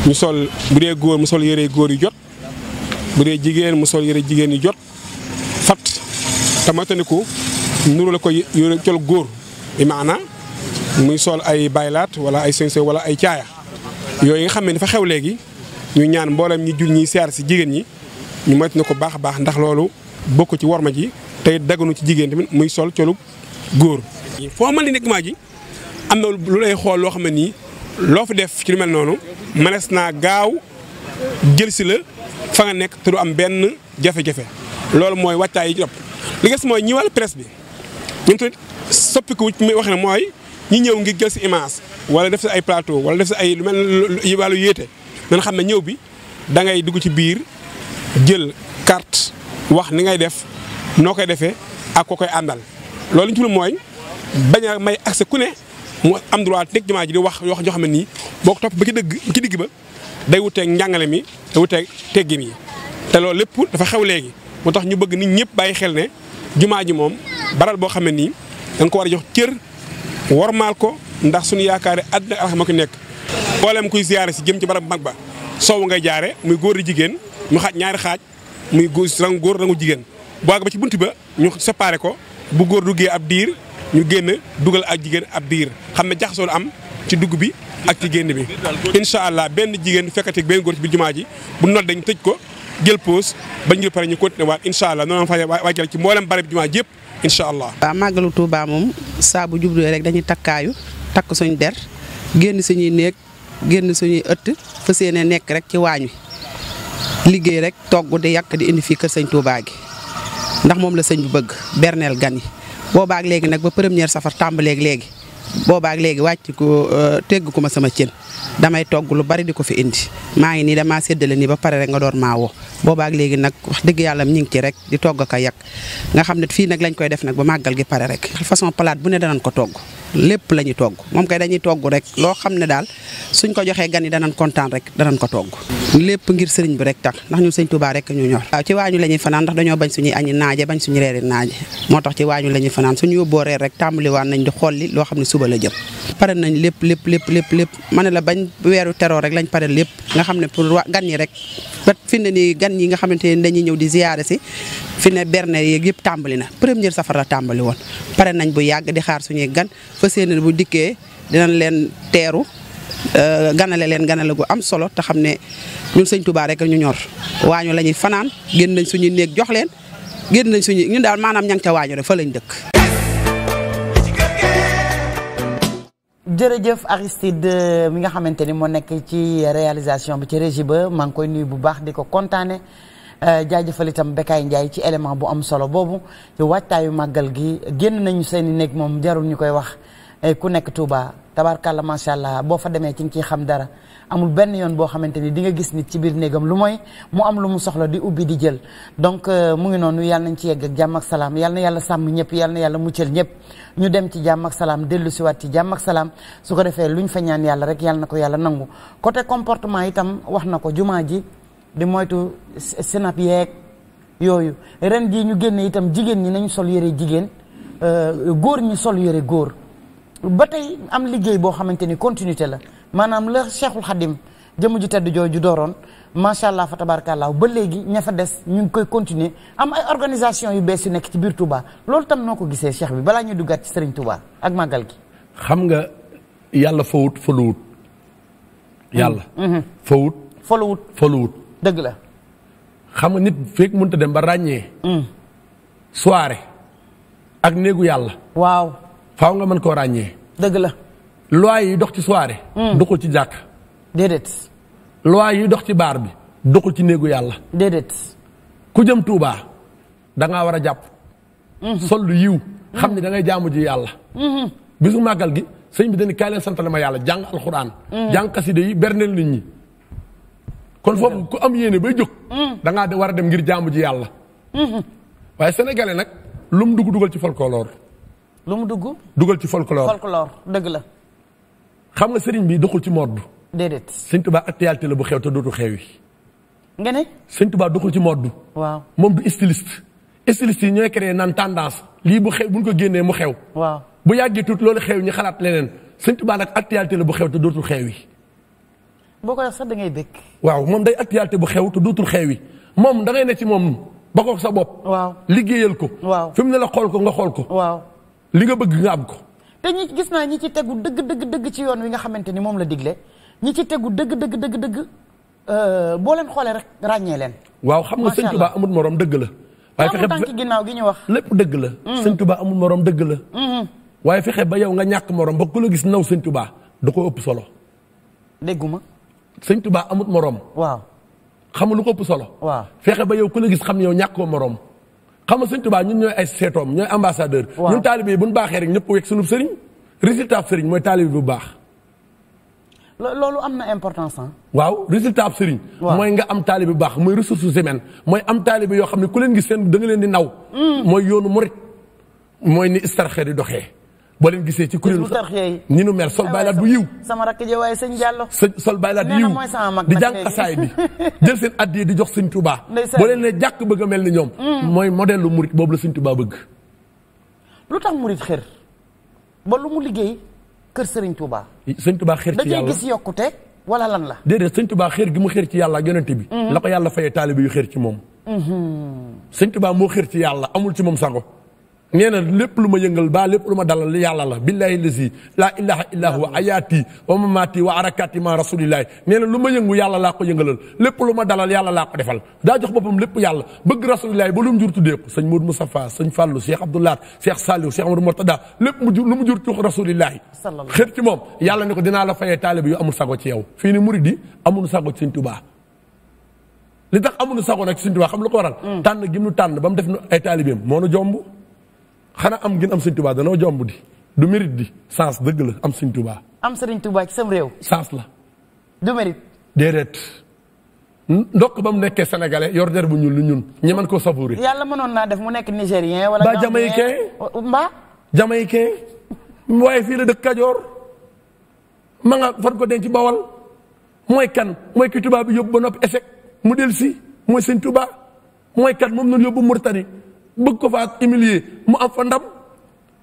mu sol bu dee góor mu sol yëre góor yu jot bu dee jigéen mu sol yëre jigéen yu jot fat te nuru la ko yëre col góor bi maana muy sol ay baylaat wala ay sensé wala ay caaya yooyu nga xam ne dafa xew léegi ñu ñaan mboolem ñi jur ñiy seer si jigéen ñi ñu moytu na ko baax a baax ndax loolu bokk ci worma ji tey daganu ci jigéen tamit muy sol colub góor. foo mën di nekk maa ji am na lu lay xool loo xam ne nii loo fi def ci lu mel noonu mënees naa gaaw jël si la fa nga nekk te du am benn jafe-jafe loolu mooy wattaay yi ci topp li nga si mooy ñëwal presse bi ñun tamit soppiku mi wax ne mooy ñi ñëw ngir jël si image wala def si ay plateau wala def si ay lu mel ne wàllu yéete nañ xam ne ñëw bi da ngay dugg ci biir jël carte. wax ni ngay def noo koy defee ak koo koy àndal loolu ñu ci mooy bañ a may accès ku ne mu am droit nekk jumaa ji di wax yoo xam ne nii boo ko ba ci dëgg ci digg ba day wuteeg njàngale mi day wuteeg teggin yi te loolu lépp dafa xew léegi moo tax ñu bëgg nit ñëpp bàyyi xel ne jumaa ji moom baral boo xam ne nii da ko war a jox cër wormaal ko ndax suñu yaakaar àddina ak alxama ko nekk mboolem kuy ziyaare si jëm ci barab mag ba soow ngay jaare muy góor di jigéen mu xaaj ñaari xaaj muy góor rangu góor rangu jigéen bu ci bunt ba ñu séparé ko bu góor duggee ab diir ñu génn dugal ak jigéen ab diir xam ne jaxasoo am ci dugg bi ak ci génn bi incha allah benn jigéen fekkati benn góor ci bi jumaa ji bu nodd dañ tëj ko jël poos ba ñu pare ñu continuer waat incha allah noonu la fa waajal ci mboolem barab jumaa ji yëpp incha allah. waaw màggalu Touba moom saa jublee jubluwee rek dañuy takkaayu takk suñu der génn suñuy néeg génn suñuy ëtt fas yéene nekk rek ci waañ wi liggéey rek togg di yàq di indi fii kër sëñ Touba gi ndax moom la sëñ bu bëgg berneel gan yi boobaak léegi nag ba première safar tàmbaleeg léegi boobaak léegi wàcc ko euh, tegg ko ma sama cin damay togg lu bari di ko fi indi maa ngi nii damaa séddale nii ba pare rek nga door maa woo boobaak léegi nag wax dëgg yàlla ñu ngi ci rek di togg ko a nga xam ne fii nag lañ koy def nag ba màggal gi pare rek façon palaat bu ne danañ ko togg lépp la ñuy togg moom kay dañuy togg rek loo xam ne daal suñ ko joxee gan yi danañ kontaan rek danañ ko togg lépp ngir sëriñ bi rek tax ndax ñun sëñ Touba rek ñu ñor waaw ci waañu la ñuy fanaan ndax dañoo bañ suñuy añ naaje bañ suñu reeri naaje moo tax ci waañu la ñuy fanaan suñu yóbboo reer rek tàmbali waan nañ di xolli loo xam ne suba la jëm pare nañ lépp lépp lépp lépp lépp ma ne la bañ weeru teroo rek lañ pare lépp xam ne pour gan ñi rek ba fi ne nii gan ñi nga xamante ne dañuy ñëw di ziyaare si fi ne berne yeeg yëpp tàmbali na première safar la tàmbali woon pare nañ bu yàgg di xaar suñuy gan fa seen bu dikkee dinañ leen teeru euh, ganale leen ganale gu am solo te xam ne ñun sëñ Touba rek ñu ñor waañu la ñuy fanaan génn nañ suñuy néeg jox leen génn nañ suñu ñun daal maanaam ña nga ca waañu rek fa lañ dëkk. jërëjëf Aristide euh, mi nga xamante ni moo nekk ci réalisation bi ci régi ba maa ngi koy nuyu bu baax di ko kontaane euh, jaajëfal itam Bekaay Ndiaye ci élément bu am solo boobu ci waajtaayu màggal gi génn nañu seeni néeg moom jarul ñu koy wax ku nekk Touba. tabaarkàlla macha allah boo fa demee ci nga ciy xam dara amul benn yoon boo xamante ni di nga gis nit ci biir néegam lu mooy mu am lu mu soxla di ubbi di jël donc euh, mu ngi noonu yàlla nañ ci yegg ak jàmm ak salaam yàlla yàlla sàmm ñëpp yàlla mu yàlla muccal ñëpp ñu dem ci jàmm ak salaam dellu siwaat ci jàmm ak salaam su ko defee lu ñu fa ñaan yàlla rek yàlla na ko yàlla nangu côté comportement itam wax na ko jumaa ji di moytu sinap yeeg yooyu ren jii ñu génne itam jigéen ñi nañu sol yëre jigéen euh, góor ñi sol yëre góor ba tey am liggéey boo xamante ni continuité la maanaam la Cheikhul Khadim jëmm ju tedd ju dooroon macha allah fa tabarakallaa ba léegi ña fa des ñu ngi koy continuer am ay organisation yu bees yu nekk ci biir Touba loolu tam noo ko gisee cheikh bi balaa ñuy duggaat ci Serigne Touba ak màggal gi. xam nga yàlla fawut faluwut. Hmm. yàlla. Hmm. fawut. faluwut faluwut. dëgg la. xam nga nit fekk mënut a dem ba ràññee. Hmm. soirée ak néegu yàlla. faaw nga mën koo ràññee. dëgg la. yi dox ci soirée. Hmm. doxul ci jàkk. déedéet. yi dox ci baar bi doxul ci néegu yàlla. déedéet. ku jëm tuubaa da war a jàpp. Hmm. sol lu yiw hmm. xam ne da ngay jaamu ji yàlla. bisu màggal gi sëñ bi dañu kaay leen santale ma yàlla jàng alxuraan. jàng kaside yi berneel nit ñi. kon foofu ku am yéene bay jóg. da war a dem ngir jaamu ji yàlla. waaye sénégalais nag lu mu dugg dugal ci folklore. lu mu dugg. dugal ci folklore folklore dëgg la. xam nga sëriñ bi doxul ci mode. déedéet sëñ Tuubaa actualité la bu xew te dootu xew yi. nga ne. sëñ Tuubaa doxul ci mode. waaw moom du styliste. styliste yi ñooy créé naan tendance lii bu xew bu ñu ko génnee mu xew. waaw bu yàggee tuut loolu xew ñu xalaat leneen sëñ Tuubaa nag actualité la bu xew te dootul xew yi. boo ko sax da ngay dëkk. waaw moom day actualité bu xew te dootul xew yi moom da ngay ne ci moom ba ko sa bopp. waaw liggéeyal ko. waaw mu ne xool ko nga xool ko. li nga bëgg nga am ko. te ñi gis naa ñi ci tegu dëgg dëgg dëgg ci yoon wi nga xamante ni moom la digle ñi ci tegu dëgg dëgg dëgg dëgg euh, boo leen xoolee rek ràññee leen. waaw xam nga sëñ baa amul morom dëgg la. waaye fexe tànk ginnaaw gi ñu wax. lépp dëgg la. Mm-hmm. sëñ Tuba amul morom dëgg la. Mm-hmm. waaye fexe ba yow nga ñàkk moroom ba ku la gis naw sëñ Tuba du ko ëpp solo. dégguma. sëñ baa amut moroom waaw. xam lu ko ëpp solo. waaw fexe ba yow ku la gis xam yow ñàkkoo moroom xam nga sëñ Tuubaa ñun ñooy ay seetoom ñooy ambassadeur. ñun taalibe yi bu ñu baaxee rek ñëpp wekk sunu sëriñ résultat ab sëriñ mooy taalibe bu baax. loolu am na importance ah. waaw résultat ab sëriñ. mooy nga am taalibe bu baax mooy ressources humaines mooy am taalibe yoo xam ne ku leen gis seen da leen di naw. Mm. mooy yoonu murit mooy ni istarxe di doxee. boo leen gisee ci kuréelu ñi nu mer sol ah baylaat bu yiw sama rakk ji waaye sëñ Diallo sol baylaat bu yiw di jàng xasaay bi jël seen addiye di jox sëñ Touba boo leen ne jàkk bëgg a mel ni ñoom mm. mooy modèle lu murit boobu la sëñ Touba bëgg lu tax murit xër ba lu mu liggéey kër sëriñ Touba sëñ Touba xër ci yàlla da cee gis wala lan la déedéet sëñ Touba xër gi mu xër ci yàlla ak bi mm-hmm. la ko yàlla fayee taalibe yu xër ci moom mm-hmm. sëñ Touba moo xër ci yàlla amul ci moom sango nee na lépp lu ma yëngal baa lépp lu ma dalal yàlla la billahi lazi laa ilaha illa huwa ayaati wa mamaati wa arakati ma rasulillahi nee na lu ma yëngu yàlla laa ko yëngalal lépp lu ma dalal yàlla laa ko defal daa jox boppam lépp yàlla bëgg rasulillahi ba lu mu jur tuddee ko sëñ Modou Moustapha sëñ Fallou Cheikh Abdoulaat Cheikh Saliou Cheikh Amadou Mortada lépp mu jur lu mu jur tuux rasulillahi xër ci moom yàlla ne ko dinaa la fayee taalibe yu amul sago ci yaw fii ni murid yi amul sago ci sëñ li tax amul sago nag ci sëñ xam la ko waral mm. tànn gi ba mu def nu ay taalibeem xanaa am gin am sëñ Touba danoo jombu di du mérite di sens dëgg la am sëñ Touba. am sëriñ Touba ci sam réew. sens la. du mérite. déedéet. ndokk ba mu nekkee sénégalais yor der bu ñuul lu ñun ñi mën koo savourer. yàlla mënoon naa def mu nekk nigérien. wala mbaa jamaïcain mbaa. jamaïcain waaye fii la dëkk Kajoor ma nga fan ko denc bawal mooy kan mooy ki tubaab bi yóbbu ba noppi échec mu del si mooy sëñ Touba mooy kan moom noonu yóbbu Mauritanie. bëgg ko faa humilier mu am fa ndam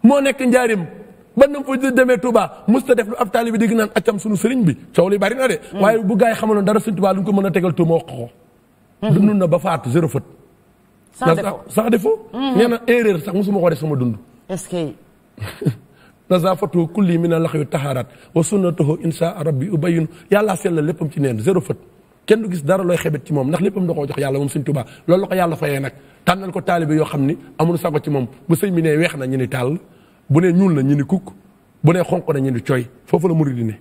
moo nekk njaarim ba nam fa demee Touba musta def lu ab taalibi dégg naan accam suñu sëriñ bi coow li bari na de. Mm. waaye bu gaa yi xamaloon dara suñ Touba duñ ko mën a tegal tuuma wax ko. Mm. na ba faatu zéro faute. sans défaut sans défaut. Mm-hmm. nee na erreur sax mosuma ko def sama dund. est-ce que. nazaafatu kulli min al-laxwi tahaaraat wa sunnatuhu insha rabbi ubayyin yàlla sellal léppam ci neen zéro faute. kenn du gis dara looy xebet ci moom ndax léppam da koo jox yàlla moom sëñ Tuubaa loolu la ko yàlla fayee nag tànnal ko taalibe yoo xam ni amul sago ci moom bu sëñ bi nee weex na ñu ni tàll bu ne ñuul na ñu ni kukk bu ne xonq na ñu ni cooy foofu la murid ne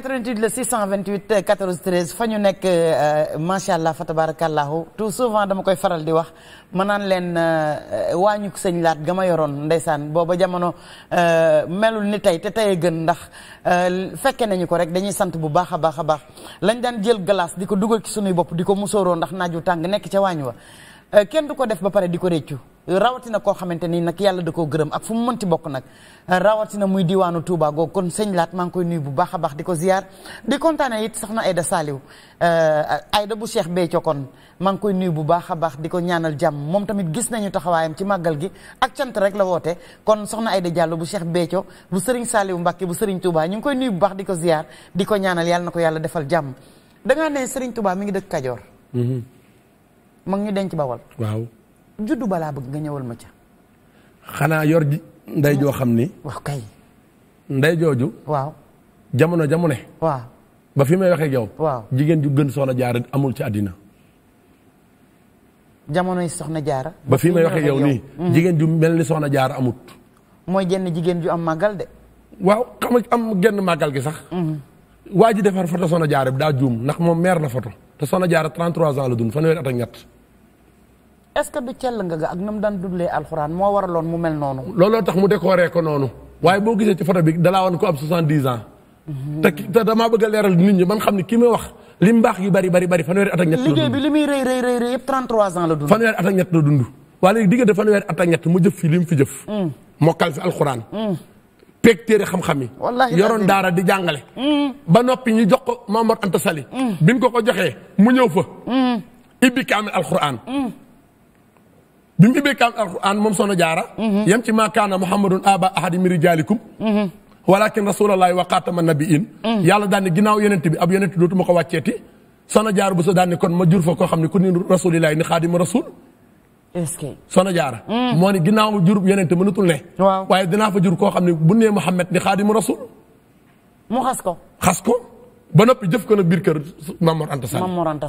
88 le 628 14 13 fa ñu nekk euh, macha allah fa tabarakallahu tout souvent dama koy faral di wax ma naan leen euh, waañu sëñ laat gama yoroon ndeysaan booba jamono euh, melul ni tey te tey gën ndax fekke nañu ko rek dañuy sant bu baax a baax a baax lañ daan jël glace di ko dugal ci suñuy bopp di ko musooroo ndax naaju tàng nekk ca waañ wa kenn du ko def ba pare di ko réccu rawatina koo xamante ni nag yàlla da koo gërëm ak fu mu mënti bokk nag rawatina muy diwaanu Touba googu kon sëñ laat maa ngi koy nuyu bu baax a baax di ko ziar di kontaane it soxna Aida Saliou euh, Aida bu Cheikh Béthio kon maa ngi koy nuyu bu baax a baax di ko ñaanal jàmm moom tamit gis nañu taxawaayam ci màggal gi ak cant rek la woote kon soxna Aida Diallo bu Cheikh Béthio bu Serigne Saliou Mbacké bu Serigne Touba ñu ngi koy nuyu bu baax di ko ziar di ko ñaanal yàlla na ko yàlla defal jàmm da ngaa ne Serigne Touba mi ngi dëkk Kajoor. mu mhm. ngi ñu denc Bawol waaw. juddu balaa bëgg nga ñëwal ma ca. xanaa yor ji ndey joo xam ni. wax kay. ndey jooju. waaw jamono jamono. ba fi may waxee ak yow. waaw jigéen ju gën soxna jaara amul ci àddina. jamonoy soxna jaara. ba fi may waxee yow nii. Mm. jigéen ju mel ni soxna jaara amut. mooy genn jigéen ju am màggal de. waaw am genn màggal gi sax. Mm-hmm. waa ji defar photo soxna jaara bi daa juum ndax moom meer na photo te soxna jaara 33 ans la dund fanweeri at ak ñett. est-ce que du cell nga ga ak na mu daan dudlee alxuraan moo waraloon mu mel noonu. looloo tax mu décoré ko noonu. waaye boo gisee ci photo bi dalaa woon ko am 70 ans. te damaa bëgg a leeral nit ñi man xam ne ki may wax li mbaax yu bari bari bari fanweeri at ak ñett la dund liggéey bi li la dund. ñett mu jëf fii li mu fi jëf. Mm. mokkal fi alxuraan. Mm. peeg téere xam-xam yi. yoroon daara di jàngale. Mm. ba noppi ñu jox ma Mamadou Anta Sali. biñ ko ko joxee mu ñëw fa. ibbi kaamil alxuraan. bi mu ubbee kaam alquran moom soxna jaara yam mhm. ci maa kaana muhammadun aba ahadi min rijaalikum mhm. walakin rasulallaahi wa xaatama nabiin mhm. yàlla daan ne ginnaaw yonent bi ab yonent dootuma ko wàcceeti soxna jaara bu so daan ne kon ma jur fa koo xam ne ku ni rasulillahi ni xaadima rasul est-ce jaara moo ne ginnaaw jurub yonent mënatul ne waaw waaye dinaa fa jur koo xam ne bu nee muhammad ni xaadima rasul mu xas ko xas ko ba noppi jëf ko na biir kër Mamoor Anta Sali Mamoor Anta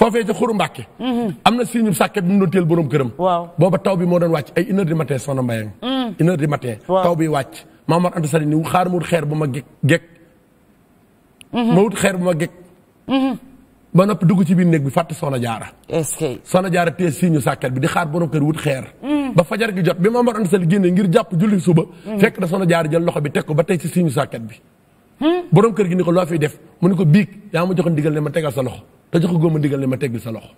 foofee ca xuru Mbàkke mhm. am na siñu sàkket bi mu doon teel borom këram booba taw bi moo doon wàcc ay une heure du matin soxna Mbayang mhm. une heure matin taw bi wàcc Maamar Anta Sali ni xaar ma wut xeer bu ma gek gek mhm. ma wut bu ma gek ba noppi dugg ci biir néeg bi fàtte soona jaara est-ce que soxna jaara tee siñu sàkket bi di xaar borom kër wut xeer ba fajar gi jot bi Maamar Anta Sali génne ngir jàpp julli suba fekk na soxna jaara jël loxo bi teg ko ba tey ci siñu sàkket bi hmm? borom kër gi ni ko loo fiy def mu ni ko biig yaa ma joxoon digal ma tegal sa loxo te jox góoma ndigal ne ma teggil sa loxo.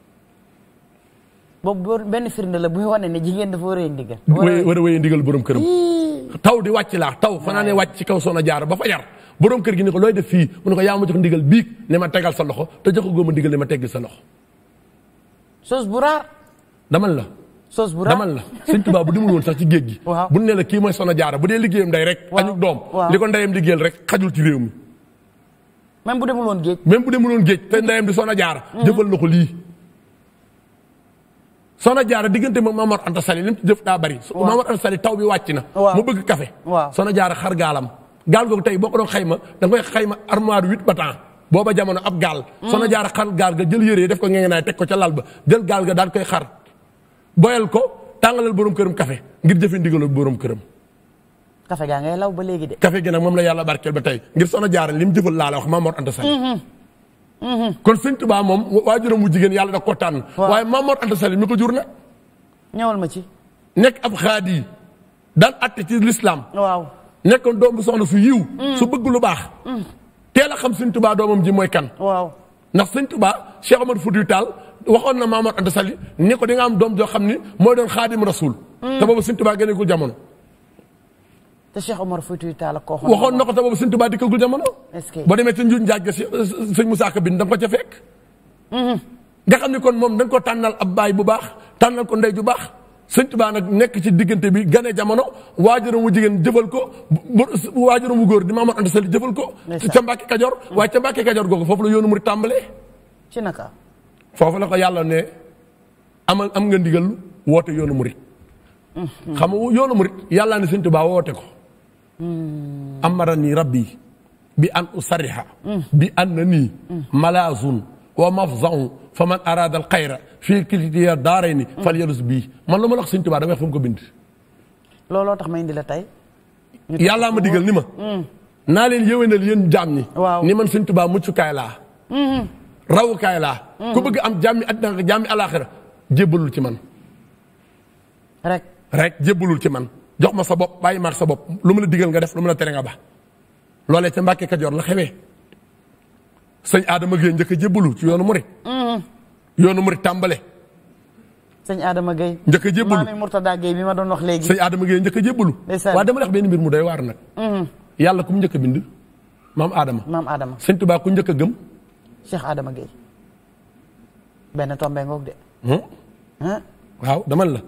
boobu benn firnde la muy wane ne jigéen dafa war a ndigal. war a wéy ndigal borom këram. taw di wàcc laa taw fanaa ne wàcc ci kaw soxna jaar ba fa yar borom kër gi ne ko looy def fii mu ne ko yaa ma jox ndigal biig ne ma tegal sa loxo te jox góoma ndigal ne ma teggil sa loxo. sos bu raar. damal la. soos bu raar damal la sëñ Tuubaa bu demul woon sax ci géej gi. waaw bu ne la kii mooy soxna jaara bu dee liggéeyam day rek. waaw añu doom li ko ndeyam liggéeyal rek xajul ci réew mi. même bu demul woon géej. même bu demul woon géej te ndeyam di Soxna Jaara. Mm. jëfal na ko lii. Soxna diggante moom Mamar Anta Sali lim jëf daa bari. waaw Mamar Anta taw bi wàcc na. mu bëgg café waaw Soxna Jaara xar gaalam. gaal googu tey boo ko doon xayma da nga koy xayma armoire huit battant booba jamono ab gaal. Mm. Soxna Jaara xar gaal ga jël yére def ko ngeenaay teg ko ca lal ba jël gaal ga daan koy xar boyal ko tàngalal borom këram kafe ngir jëfe ndigalu borom këram kafe gaa ngay law ba léegi de. kafe gi nag moom la yàlla barkeel ba tey ngir soxna Jaara lim jëfal laa la wax Maam Mor Anta Sali. Mm-hmm. Mm-hmm. kon sëñ Tuubaa moom waajuram wu jigéen yàlla da ko tànn. waaye Maam Mor Anta Sali mi ko jur la. ñëwal ma ci. nekk ab xaadi daan atte ci lislaam waaw nekkoon doomu soxna su yiw. Mm. su bëgg lu baax. Mm. teel a xam sëñ Tuubaa doomam ji mooy kan. waaw ndax sëñ Tuubaa Cheikh Omar Foutiyou waxoon na Maam Mor Anta Sali ne ko di nga am doom joo xam ni mooy doon xaadim mm. a te Cheikh Omar Foutiyou Tall ko waxoon na ko te boobu sëñ Tuubaa dikkagul jamono. est-ce que boo demee ca Njuuj Njaaj ga sëñ Musaa Ka bind da nga ko ca fekk. Mm-hmm. nga xam ni kon moom da ko tànnal ab baay bu baax tànnal ko ndey ju baax sëñ Tuubaa nag nekk ci diggante bi gane jamono waajuram wu jigéen jëfal ko waajuram wu góor di ma Mor Anta sa jëfal ko. ca Mbàkke Kajoor mm-hmm. waaye ca Mbàkke Kajoor googu foofu la yoonu murid tàmbalee. ci foofu la ko yàlla ne amal am nga ndigal woote yoonu murid. Mm-hmm. xam nga yoonu mu yàlla ne sëñ Tuubaa woote ko amarani rabbi bi an usarriha bi annani malaazun wa mafzaun fa man arada al xayra fii kiltiya daarayni falyalus bi man lu ma wax Sëñ Tuubaa damay xam ko bind looloo tax ma indi la tey yàllaa ma digal ni ma mm. naa leen yëwénal yéen jaam ñi ni man Sëñ Tuubaa muccukaay laa mm-hmm. rawukaay laa mm. ku bëgg am jàmmi àddina jàmmi alaaxira jébbalul ci man rek ci man jox ma sa bopp bàyyi maag sa bopp lu ma la digal nga def lu ma la tere nga ba loolee ca Mbàkke Kajoor la xewee sëñ Adama Gueye njëkk a jébbalu ci yoonu Murit. Mm-hmm. yoonu Murit tàmbale. sëñ Adama Gueye. jëkk a jébbalu maami Mourtada doon wax léegi. sëñ Adama Gueye njëkk a jébbalu. waaye benn mbir mu doy waar nag. Mm-hmm. yàlla ku mu njëkk bind. maam Adama maam Adama. ku njëkk gëm. Cheikh Adama Gueye. benn tombé ngoog de. Hmm? waaw dama la.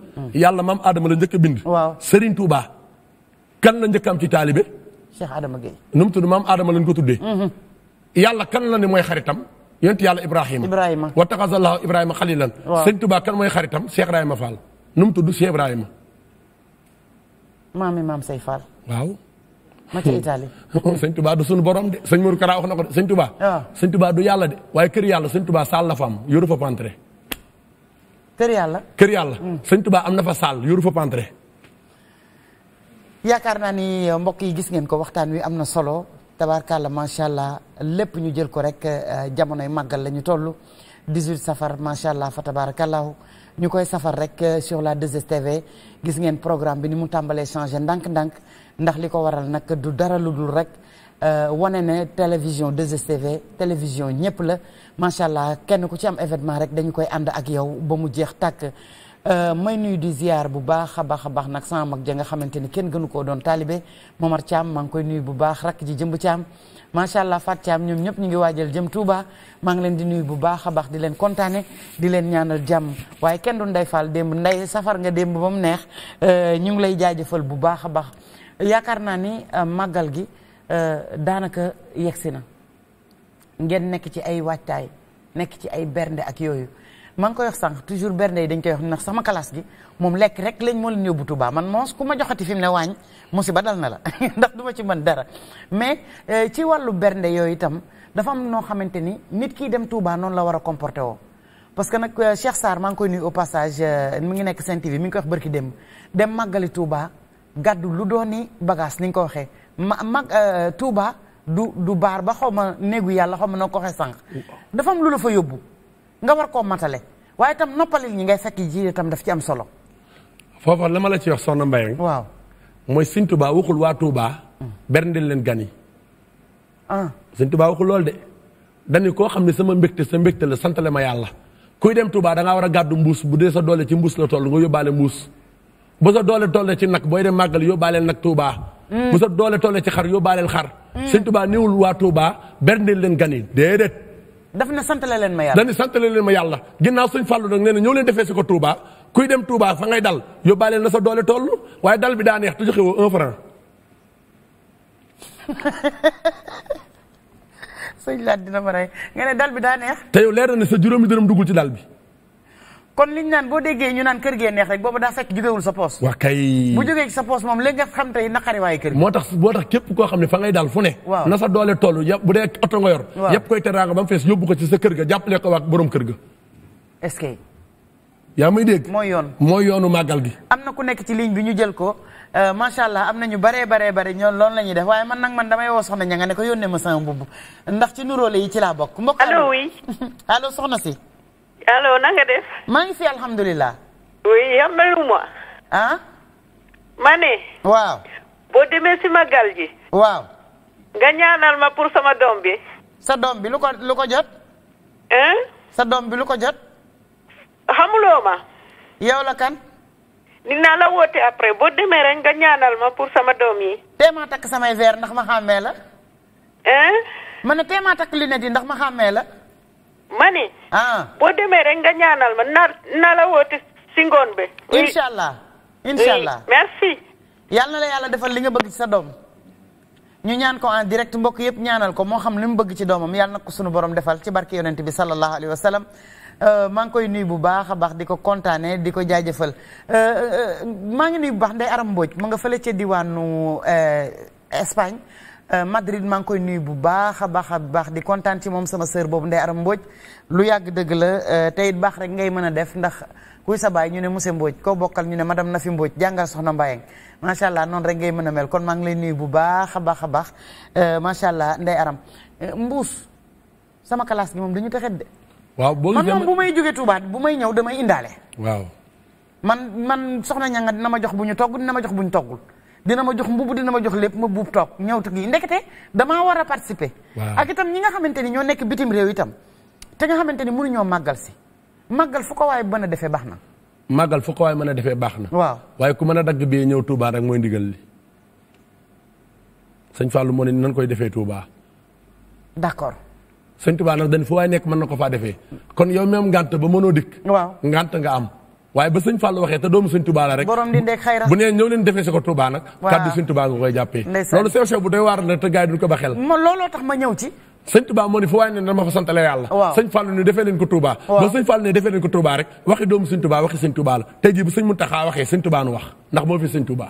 yàlla maam Adama la njëkk a bind. waaw Serigne Touba. la njëkk am ci taalibe. Cheikh Adama nu mu tudd maam Adama lañ ko tuddee. Mhm. yàlla kan la ne mooy xaritam. yonent yàlla Ibrahima. Ibrahima wa taxasallahu Ibrahima xalilan. waaw Serigne Touba kan mooy xaritam Cheikh Ibrahima Fall. nu mu tudd Cheikh Ibrahima. maami maam Sey Fall. waaw. ma ca Italie. sëñ Touba du sunu borom de sëñ Mourou Kara wax na ko de sëñ ah. du yàlla de waaye kër yàlla sëñ Touba saal la fa am yoru fa pentre kër yàlla kër yàlla. Mm. am na fa saal yoru fa pentre. yaakaar naa ni euh, mbokk yi gis ngeen ko waxtaan wi am na solo tabaarkàlla macha allah lépp ñu jël ko rek euh, jamonoy màggal la ñu toll 18 safar macha allah fa tabaarkàllaahu ñu koy safar rek euh, sur la 2 gis ngeen programme bi ni mu tàmbalee changé ndànk-ndànk ndax li ko waral nag du dara lu dul rek. Euh, wane ne télévision 2STV télévision ñëpp la macha allah kenn ku ci am événement rek dañu koy ànd ak yow ba mu jeex tàkk. Euh, may nuyu di ziar bu baax a baax a baax nag sama mag ja nga xamante ni kenn gënu koo doon taalibe Momar Thiam maa ngi koy nuyu bu baax rakk ji jëmb Thiam macha allah Fat Thiam ñoom ñëpp ñu ngi waajal jëm Touba maa ngi leen di bu baax a baax di leen kontaane di leen ñaanal jàmm waaye kenn du nday Fall démb nday safar nga démb ba mu neex euh, ñu ngi lay jaajëfal bu baax a baax yaakaar naa ni màggal gi. Euh, daanaka yegsi na ngeen nekk ci ay waajtaay nekk ci ay bernde ak yooyu maa ngi koy wax sànq toujours bernde yi dañ koy wax ndax sama classe gi moom lekk rek lañ moo leen yóbbu Tuubaa man moo ku ma joxati fi mu ne waañ ba dal na la ndax du ci mën dara mais euh, ci wàllu bernde yooyu itam dafa am noo xamante ni nit kii dem Tuubaa noonu la war a comporté woo parce que nag euh, Cheikh Sarr maa ngi koy nuyu au passage mi ngi nekk Sen TV mi ngi koy wax barki démb dem màggali Tuubaa gàddu lu dooni bagage ni nga ko waxee ma mag euh, Touba du du baar ba xaw ma néegu yàlla xaw ma noo ko waxee sànq. dafa am lu la fa yóbbu nga war koo matale waaye itam noppalil ñi ngay fekk ji tam daf ci am solo. foofa la ma la ci wax soxna Mbaye rek. waaw mooy Sëñ Touba waxul waa Touba. Mm. berndeel leen gan yi. ah Sëñ Touba lool de dañu koo xam ne sama mbégte sa mbégte la santale ma yàlla. kuy dem Touba da ngaa war a gàddu mbuus bu dee sa doole ci mbuus la toll nga yóbbaale mbuus. ba sa doole toll ci nag booy dem màggal yóbbaale nag Touba. Mm. bu sa doole tolle ci xar yóbbaaleel xar mm. sëñ Tuubaa néewul waa Tuubaa berndeel leen gan yi déedéet daf ne sant la leen ma yàlla dañu sant la leen ma yàlla ginnaaw suñ fàllu nag nee na ñëw leen defee si ko Tuubaa kuy dem Tuubaa fa ngay dal yóbbaaleel na sa doole toll waaye dal bi daa neex te joxe woo un franc sëñ laaj dina ma rey bi daa te yow leer na ne sa juróomi dërëm duggul ci dal bi kon liñ naan boo déggee ñu naan kër gee neex rek boobu daa fekk jógewul sa poos waa kay bu jógee sa poos moom léegi nga xam tey naqari waaye kër moo tax moo tax képp koo xam ne fa ngay daal fu ne waaw na sa doole toll bu dee oto nga muy dégg mooy yoon mooy yoonu màggal gi am na ku nekk ci ligne bi ñu jël ko euh, macha allah am na baree baree bari ñoom la ñuy def waaye man nag man damay woo soxna ña nga ne ko yónnee ma sama mbubb ndax ci nuróole yi ci laa bokk mbokk allo oui allo soxna si allo na nga def. maa ngi fi alhamdulilah. oui yàmbaluma. ah. ma ne. waaw. boo demee si magal ji. waaw. nga ñaanal ma pour sama doom bi. sa doom bi lu ko lu ko jot. hein. sa doom bi lu ko jot. xamuloo ma. yow la kan. dinaa la woote après boo demee rek nga ñaanal ma pour sama doom yi. teemaa takk samay verre ndax ma xàmmee la. hein. ma ne teemaa takk li ne di ndax ma xàmmee la. ma ne. ah boo demee rek nga ñaanal ma na la woote si ngoon bi. incha allah incha merci. yàlla na la yàlla defal li nga bëgg sa doom ñu ñaan ko en direct mbokk yëpp ñaanal ko moo xam ni mu bëgg ci doomam yàlla na ko suñu borom defal ci barke yonent bi sallallahu alayhi wa sallam euh, maa ngi koy nuyu bu baax a baax di ko kontaane di ko jaajëfal euh, euh, maa ngi nuyu bu baax Ndeye Aram Mbodj mu nga fële ca diwaanu Espagne. Euh, Madrid maa ngi koy nuyu bu baax a baax a baax di kontaan ci moom sama sœur boobu Ndeye Aram Mbodj lu yàgg dëgg la euh, te it baax rek ngay mën a def ndax kuy sa baay ñu ne monsieur Mbodj koo bokkal ñu ne na Nafi Mbodj jàngal soxna Mbayang macha allah noonu rek ngay mën a mel kon maa ngi lay nuyu bu baax a baax a baax euh, macha allah Ndeye Aram mbuus sama classe gi moom dañu taxet de. waaw man moom bu may jógee tubaat bu may ñëw damay indaale. waaw man man soxna ñanga dina ma jox bu ñu togg dina ma jox bu ñu toggul. dina ma jox mbubu dina ma jox lépp ma buub toog ñëw tukki ndekete damaa war a participer. ak itam ñi nga xamante ni ñoo nekk bitim réew tam te nga xamante ni mënuñoo màggal si màggal fu ko waay mën a defee baax na. màggal fu ko waay mën a defee baax na. waaw waaye ku mën a dagg bee ñëw Touba rek mooy ndigal li sëñ Fallou moo ne koy defee Touba. d'accord. sëñ Touba nag dañ fu waay nekk mën na ko faa defee kon yow même ngànt ba mënoo dikk. waaw ngànt nga am. waaye ba sëñ Fallou waxee te doomu sëñ Touba la rek borom di ndek xayra bu nee ñëw leen defee si ko Touba nag kàddu sëñ Touba nga koy jàppee loolu sew sew bu doy waar la te gars duñ ko ba xel ma sëñ Touba moo sëñ Fallou ne defee nañ ko Touba rek waxi doomu sëñ Touba waxi sëñ Touba la tey jii bu sëñ Mountakha waxee sëñ Touba nu wax ndax moo fi sëñ Touba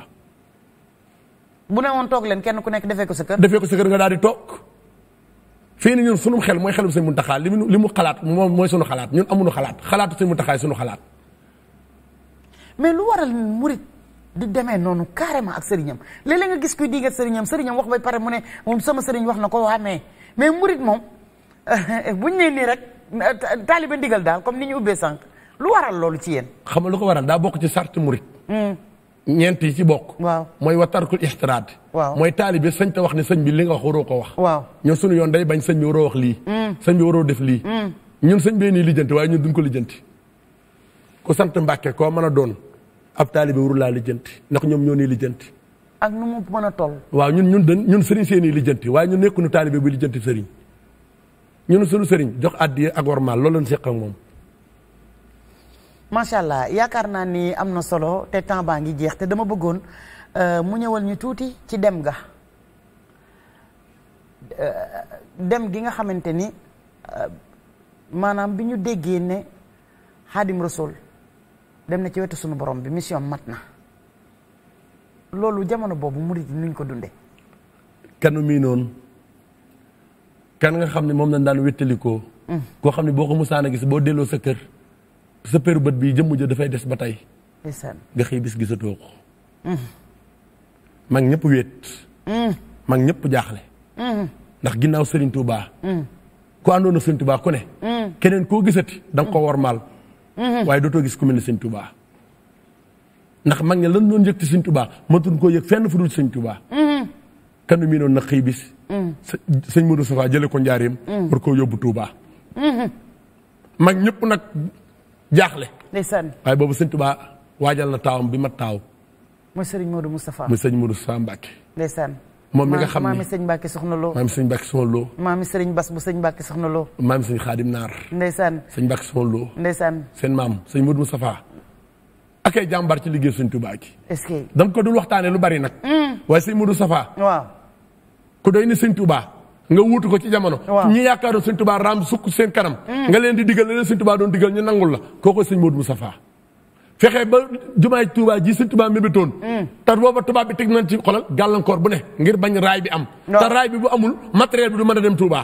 bu ne woon toog leen kenn ku nekk defee ko sa kër defee ko sa kër nga daal di toog fii ni ñun sunum xel mooy xelum sëñ Mountakha mu xalaat moom mooy sunu xalaat ñun amuñu xalaat xalaatu sëñ Mountakha sunu xalaat mais lu waral murit di demee noonu carrément ak sëriñam léeg nga gis kuy digat sëriñam sëriñam wax bay pare mu ne moom sama sëriñ wax na ko waa mais mais murit moom bu nee nii rek taaliba ndigal daal comme ni ñu ubbee sànq lu waral loolu ci yéen. xam nga lu ko waral daa bokk ci sart murit. Hmm. ñeent yi ci bokk. mooy wa tarkul ixtiraad. waaw mooy taalibe sëñ te wax ne sëñ bi li nga wax waroo ko wax. waaw ñoo sunu yoon day bañ sëñ bi waroo wax lii. Hmm. sañ bi waroo def lii. Hmm. ñun sëñ bee nii lijjanti waaye ñun duñ ko lijjanti. ku sant Mbàkke koo mën a doon ab taalibe warul laa lijjanti ndax ñoom ñoo nii lijjanti. ak nu mu mën a toll. waaw ñun ñun dañ ñun sëriñ seen i lijjanti waaye ñun nekkuñu taalibe bu lijjanti sëriñ ñun suñu sëriñ jox addiya ak warmaal loolu lañ seq ak moom. macha allah yaakaar naa ni am na solo te temps baa ngi jeex te dama bëggoon euh, mu ñëwal ñu tuuti ci dem ga euh, dem gi nga xamante ni euh, maanaam bi ñu déggee ne xaadim rasul dem na ci wetu sunu borom bi mission mat na loolu jamono boobu murid yi nuñ ko dunde kanu mii noonu kan nga xam ne moom lañ daan wéttalikoo mm. koo xam ne boo ko musaana gis boo delloo sa kër sa péru bët bii jëmm ja dafay des ba tey nga xëy bis gisatoo ko mm. mag ñëpp wéet mm. mag ñëpp jaaxle ndax ginnaaw Serigne Touba ku àndoon na Serigne Touba ku ne keneen koo gisati da ko war Mm-hmm. waaye dootoo gis ku mel ne sëñ Touba. ndax mag ñi lan doon yëg ci sëñ Touba matuñ koo yëg fenn fu dul sëñ Touba. Mm-hmm. kanu mii noonu nag xëy bis. Mm-hmm. sëñ Modou Safa jëlee ko njaareem. war koo yóbbu Touba. mag ñëpp nag jaaxle. ndeysaan waaye boobu sëñ Touba waajal na taawam bi ma taaw. mooy sëriñ Modou Moustapha. mooy sëriñ Modou moom mi nga xam ne maami sëñ Mbacke soxna loo maami sëñ Mbacke soxna loo maami sëriñ Bas bu sëñ Mbacke soxna loo maami sëñ Xaadim Naar ndeysaan sëñ Mbacke soxna loo ndeysaan seen maam sëñ Modou Moustapha ak ay jàmbaar ci liggéey sëñ Touba ki est-ce que da nga ko dul waxtaane lu bari nag hmm. waaye sëñ Modou Moustapha waaw ku doy ni sëñ Touba nga wuutu ko ci jamono ñi yaakaaroon sëñ tubaa raam sukk seen kanam hmm. nga leen di digal leen sëñ Touba doon digal ñu nangul la kooku sëñ Modou Moustapha fexe ba jumaay tuubaa ji sëñ Touba mébétoon mm. te booba tubaab bi teg nañ ci xolal gàllankoor bu ne ngir bañ raay bi am te raay bi bu amul matériel bi du mën a dem Touba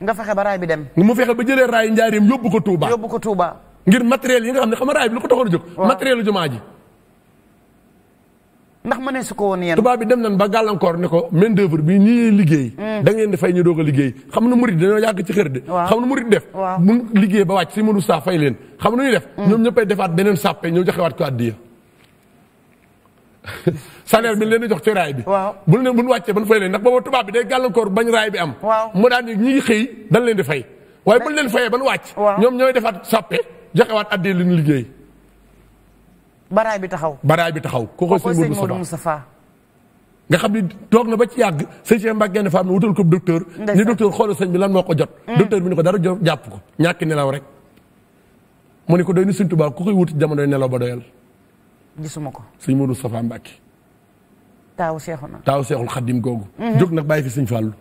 nga fexe ba raay bi dem mu fexe ba jëlee raay njaareem yóbbu ko Touba yóbbu ko Touba ngir matériel yi nga xam ne xam nga raay bi lu ko taxoon a jóg matériel jumaa ji ndax ma ne su ko woon yéen tubaab bi dem nañ ba gàllankoor ne ko main d'œuvre bi ñi liggéey hmm. da ngeen di fay ñu doog a liggéey xam na murit dañoo yàgg ci xër de xam na murit def mu liggéey ba wàcc si mënu saa fay leen xam na ñu def hmm. ñoom ñëppay defaat beneen sàppe ñëw joxewaat ko addiya salaire bi leen di jox ci raay bi bu ne buñu wàccee ban fay leen ndax booba tubaab bi day gàllankoor bañ raay bi am mu daan ñi ngi xëy dañ leen di fay waaye buñ leen fayee ban wàcc ñoom ñooy defaat sàppe joxewaat addiya li ñu liggéey baraay bi taxaw baraay bi taxaw kooku sëñ Modou Moustapha nga xam ni toog na ba ci yàgg sëñ Cheikh Mbacke ne fa am wutal ko docteur ni docteur xoolal sëñ bi lan moo ko jot mm. docteur bi ni ko dara jàpp ko ñàkk nelaw rek mu ne ko doy ni sëñ Tuubaa ku koy wuti jamonoy nelaw ba doyal ko sëñ Modou Moustapha Mbacke taawu seexuna taawu seexul xaddim googu mm-hmm. jóg nag bàyyi fi sëñ Fallou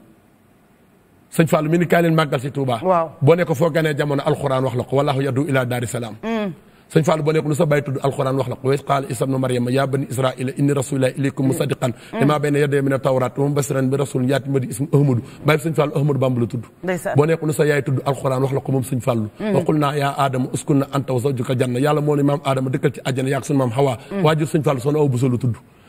sëñ Fallou mi ni kaay leen màggal si Touba waaw boo ne ko foo ganee jamono alxuraan wax la ko wallahu yaddu ila daari salaam mm. sëñ Fallou boo nekk lu sa bàyyi tudd alquran wax la ko wees qaala Isa bnu Maryama bani israila inni rasulillahi ilaykum musaddiqan mm. limaa bayna yadayya mina tawraat wa mubashiran bi rasulin yaati ismu ahmadu bàyyi sëñ Fallou ahmadu bamba la tudd boo nekk lu yaay tudd alquran wax la ko moom sëñ Fallou mm. wa qulnaa yaa aadama uskun anta wa zawjuka janna yàlla moo ne maam aadama dëkkal ci àjjana yaag suñu maam Hawa mm. waajur sëñ Fallou soxna Awa Buso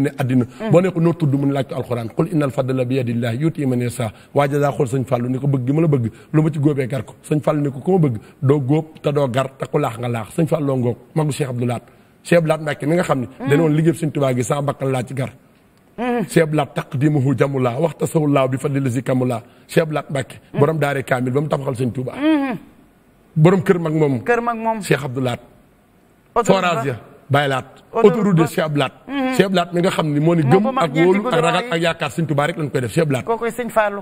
génne àddina mm. boo ne ko noo tudd mu ne laaj ko alxuraan qul innal fadla bi yadillah yuuti man yasa waa ja daa xool sëñ fàllu ni ko bëgg gi ma la bëgg lu ma ci góobee gar ko sëñ fàllu ni ko ku ma bëgg doo góob te doo gar te ku laax nga laax sëñ fàlloo ngoog magu Cheikh Abdou Lahat Cheikh Abdou Lahat Mbàkke mi nga xam ne mm. danoon liggéey sëñ Tuubaa gi sa bakkal laa gar mm. Cheikh Abdou Lahat taqdimuhu jamula waxta sawulaaw bi fadli si kamula Cheikh Abdou Lahat Mbàkke borom ba mu tabaxal sëñ Tuubaa mm-hmm. borom kër mag moom kër mag moom Cheikh Abdou laat autoroute de Cheikh Ablaat mhm. Cheikh Ablaat mi nga xam ni moo ni gëm ak wóolu ak ragal ak yaakaar sëñ Tuubaa rek lañ koy def Cheikh Ablaat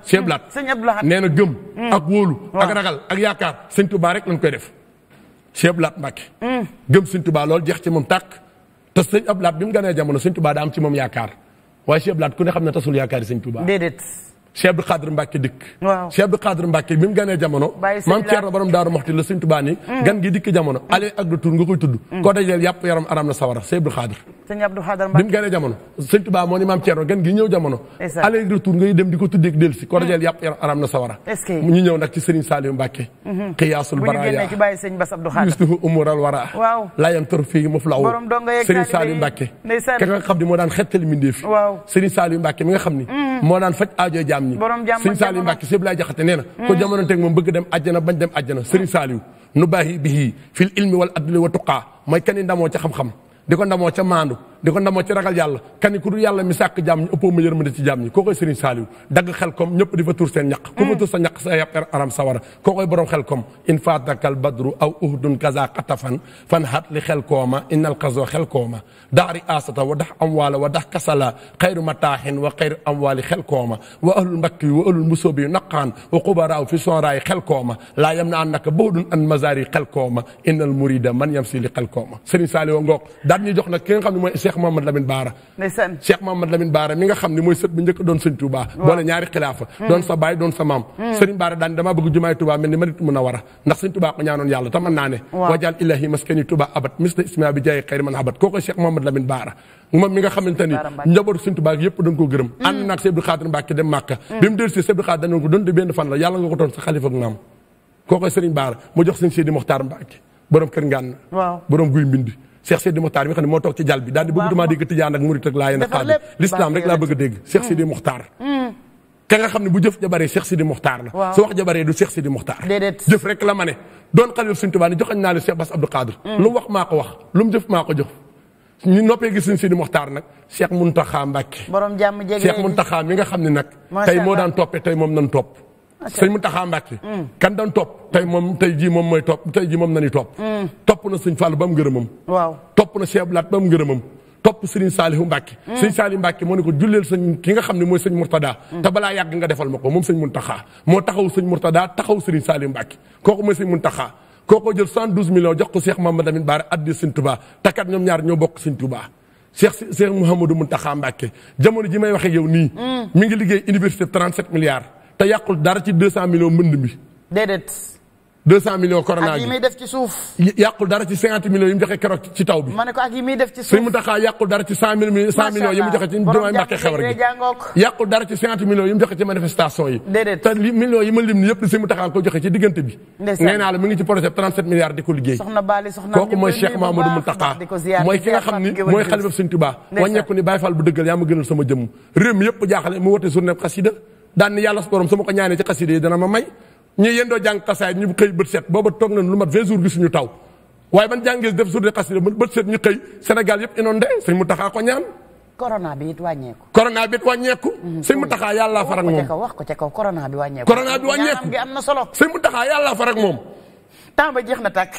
Cheikh Ablaat nee na gëm mhm. ak wóolu ragal ak yaakaar sëñ Tuubaa rek lañ koy def Cheikh Ablaat Mbàkke mhm. gëm sëñ Tuubaa lool jeex ci moom tàkk te sëñ Ablaat bi mu ganee jamono sëñ Tuubaa daa ci moom yaakaar waaye Cheikh ku ne xam ne tasul yaakaar yi sëñ Tuubaa Cheikh Abdou Khadre Mbacke dikk. waaw Cheikh Abdou Khadre Mbacke bi mu ganee jamono. bàyyi maam Thierno borom Daaru Moxti la Sëñ Tuubaa ni mm. gan gi dikk jamono. Mm. aller ak retour nga koy tudd. Mm. koo dajeel yàpp yaram aram na sawara Cheikh Abdou Khadre. mu ganee jamono. Sëñ Tuubaa moo ni maam Thierno gan gi ñëw jamono. aller retour ngay dem di ko tuddee ak dellusi koo dajeel yàpp yaram aram na sawara. ñu ñëw nag ci Serigne Saliou Mbacke. xiyaasul mm-hmm. baraaya bu ñu génnee ci jaam ñi sëñ Saaliw Mbàkke sëñ Ablaay Jaxate nee na mm. ko jamono teg moom bëgg dem àjjana bañ dem àjjana sëriñ Saaliw nu baahi bihi fil ilmi wal adli wa tuqaa mooy kani ndamoo ca xam-xam di ko ndamoo ca maandu di ko ndamoo ci ragal yàlla kani ku dul yàlla mi sàkk jaam ñi ëppoo ma yërmande ci jaam ñi koo koy sëriñ Saaliw dagg xel kom ñëpp di fa tur seen ñaq ku fa mm. tur sa ñaq sa yàpp aram sawara koo koy borom xel kom in fatakal badru aw uhdun kaza xatafan fan hat li xel kooma innal kazo xel kooma daari asata wa dax amwaala wa dax kasala xayru mataaxin wa xayru amwaali xel kooma wa ahlul mbakki wa ahlul musóobi yu naqaan wa xubaraaw fi sonraay xel kooma laa yam na an naka boodun an mazaari xel kooma innal murida man yam si li xel kooma sëriñ Saaliw ngoog daan ñu jox nag ki nga xam ne mooy Cheikh Mohamad Lamine Baara Cheikh Mohamad Lamine Baara mi xam ne mooy sët bi njëkk doon sëñ Touba boole ñaari xilaafa hmm. doon sa baay doon sa maam hmm. sëriñ Baara daan damaa bëgg jumaay Touba mel ni Madinatu Munawara ndax sëñ Touba ko ñaanoon yàlla taman naa ne ilahi maskani Touba abat misla ismaa bi jaay xayri man abat koo gërëm hmm. ànd Baara mu jox sëñ Sidi Moxtaar Mbacke borom kër ngaan waaw guy mbindi Cheikh Sidi Mokhtar mi nga xam ne moo toog ci jal bi daal di bëgg damaa dégg tijaan ak murit ak laayeen ak xaadir l'islam rek laa bëgg a dégg Cheikh Sidi Mokhtar hmm. ka xam ne bu jëf jabaree Cheikh Sidi Mokhtar la su wax jabaree du Cheikh Sidi jëf rek la ma ne doon xalil suñ tubaab ne joxañ naa la Cheikh Bass Abdou Khadre hmm. lu mu wax maa ko wax lu mu jëf maa ko jëf ñu noppee gis suñ Sidi Mokhtar nag Cheikh Mountakha Mbacké Cheikh Mountakha mi nga xam ne nag tey moo daan toppee tey moom nan topp sëñ Muntaxa Mbàkke mm. kan daan topp tey moom tey jii moom mooy topp tey jii moom nani topp mm. topp na sëñ Fallu ba mu ngërëmam waaw topp na Cheikh Blaat ba mu ngërëmam topp Serigne Saliou Mbacke mm. Serigne Saliou Mbacke moo ne ko julleel sëñ ki nga xam ne mooy sëñ Mourtada te balaa yàgg nga defal ma ko moom sëñ Mountakha moo taxaw sëñ Mourtada taxaw Serigne Saliou Mbacke kooku mooy sëñ Mountakha kooku jël 112 millions jox ko Cheikh Mamadou Lamine Bara addi sëñ Touba takat ñoom ñaar ñoo bokk sëñ Touba Cheikh Cheikh Mouhamadou Mountakha Mbacke jamono ji may waxe yow nii mi ngi liggéey université 37 milliards te yàqul dara ci 200 millions mbënd mi. déedéet. 200 millions corona gi ak yi muy def ci suuf. yàqul dara ci 50 millions yi mu joxe keroog ci taw bi. ma mu joxe yàqul dara ci 50 millions yi mu joxe ci manifestation yi. te li yi ma lim nii yëpp Sëriñ Mountakha ko joxe ci diggante bi. nee naa la mi ngi ci projet 37 milliards di ko liggéey. soxna Bali soxna kooku mooy Cheikh Mamadou mooy ki nga xam ni mooy xalifa Sëriñ Tuubaa. wàññeeku ni Baay Faal bu dëggal yaa ma gënal sama daan ni yàlla su borom su ma ko ñaanee ci xaside yi dana ma may ñu yendoo jàng xasaay ñu xëy bët set booba toog nañ lu mat 20 jours gisuñu taw waaye ban jàngee def journée xaside ba bët set ñu xëy Sénégal yëpp inondé sëñ mu taxaa ko ñaan. corona bi it wàññeeku. corona bi mu taxaa yàllaa farak wax ko ca kaw bi wàññeeku. corona bi farak moom temps ba jeex na tàkk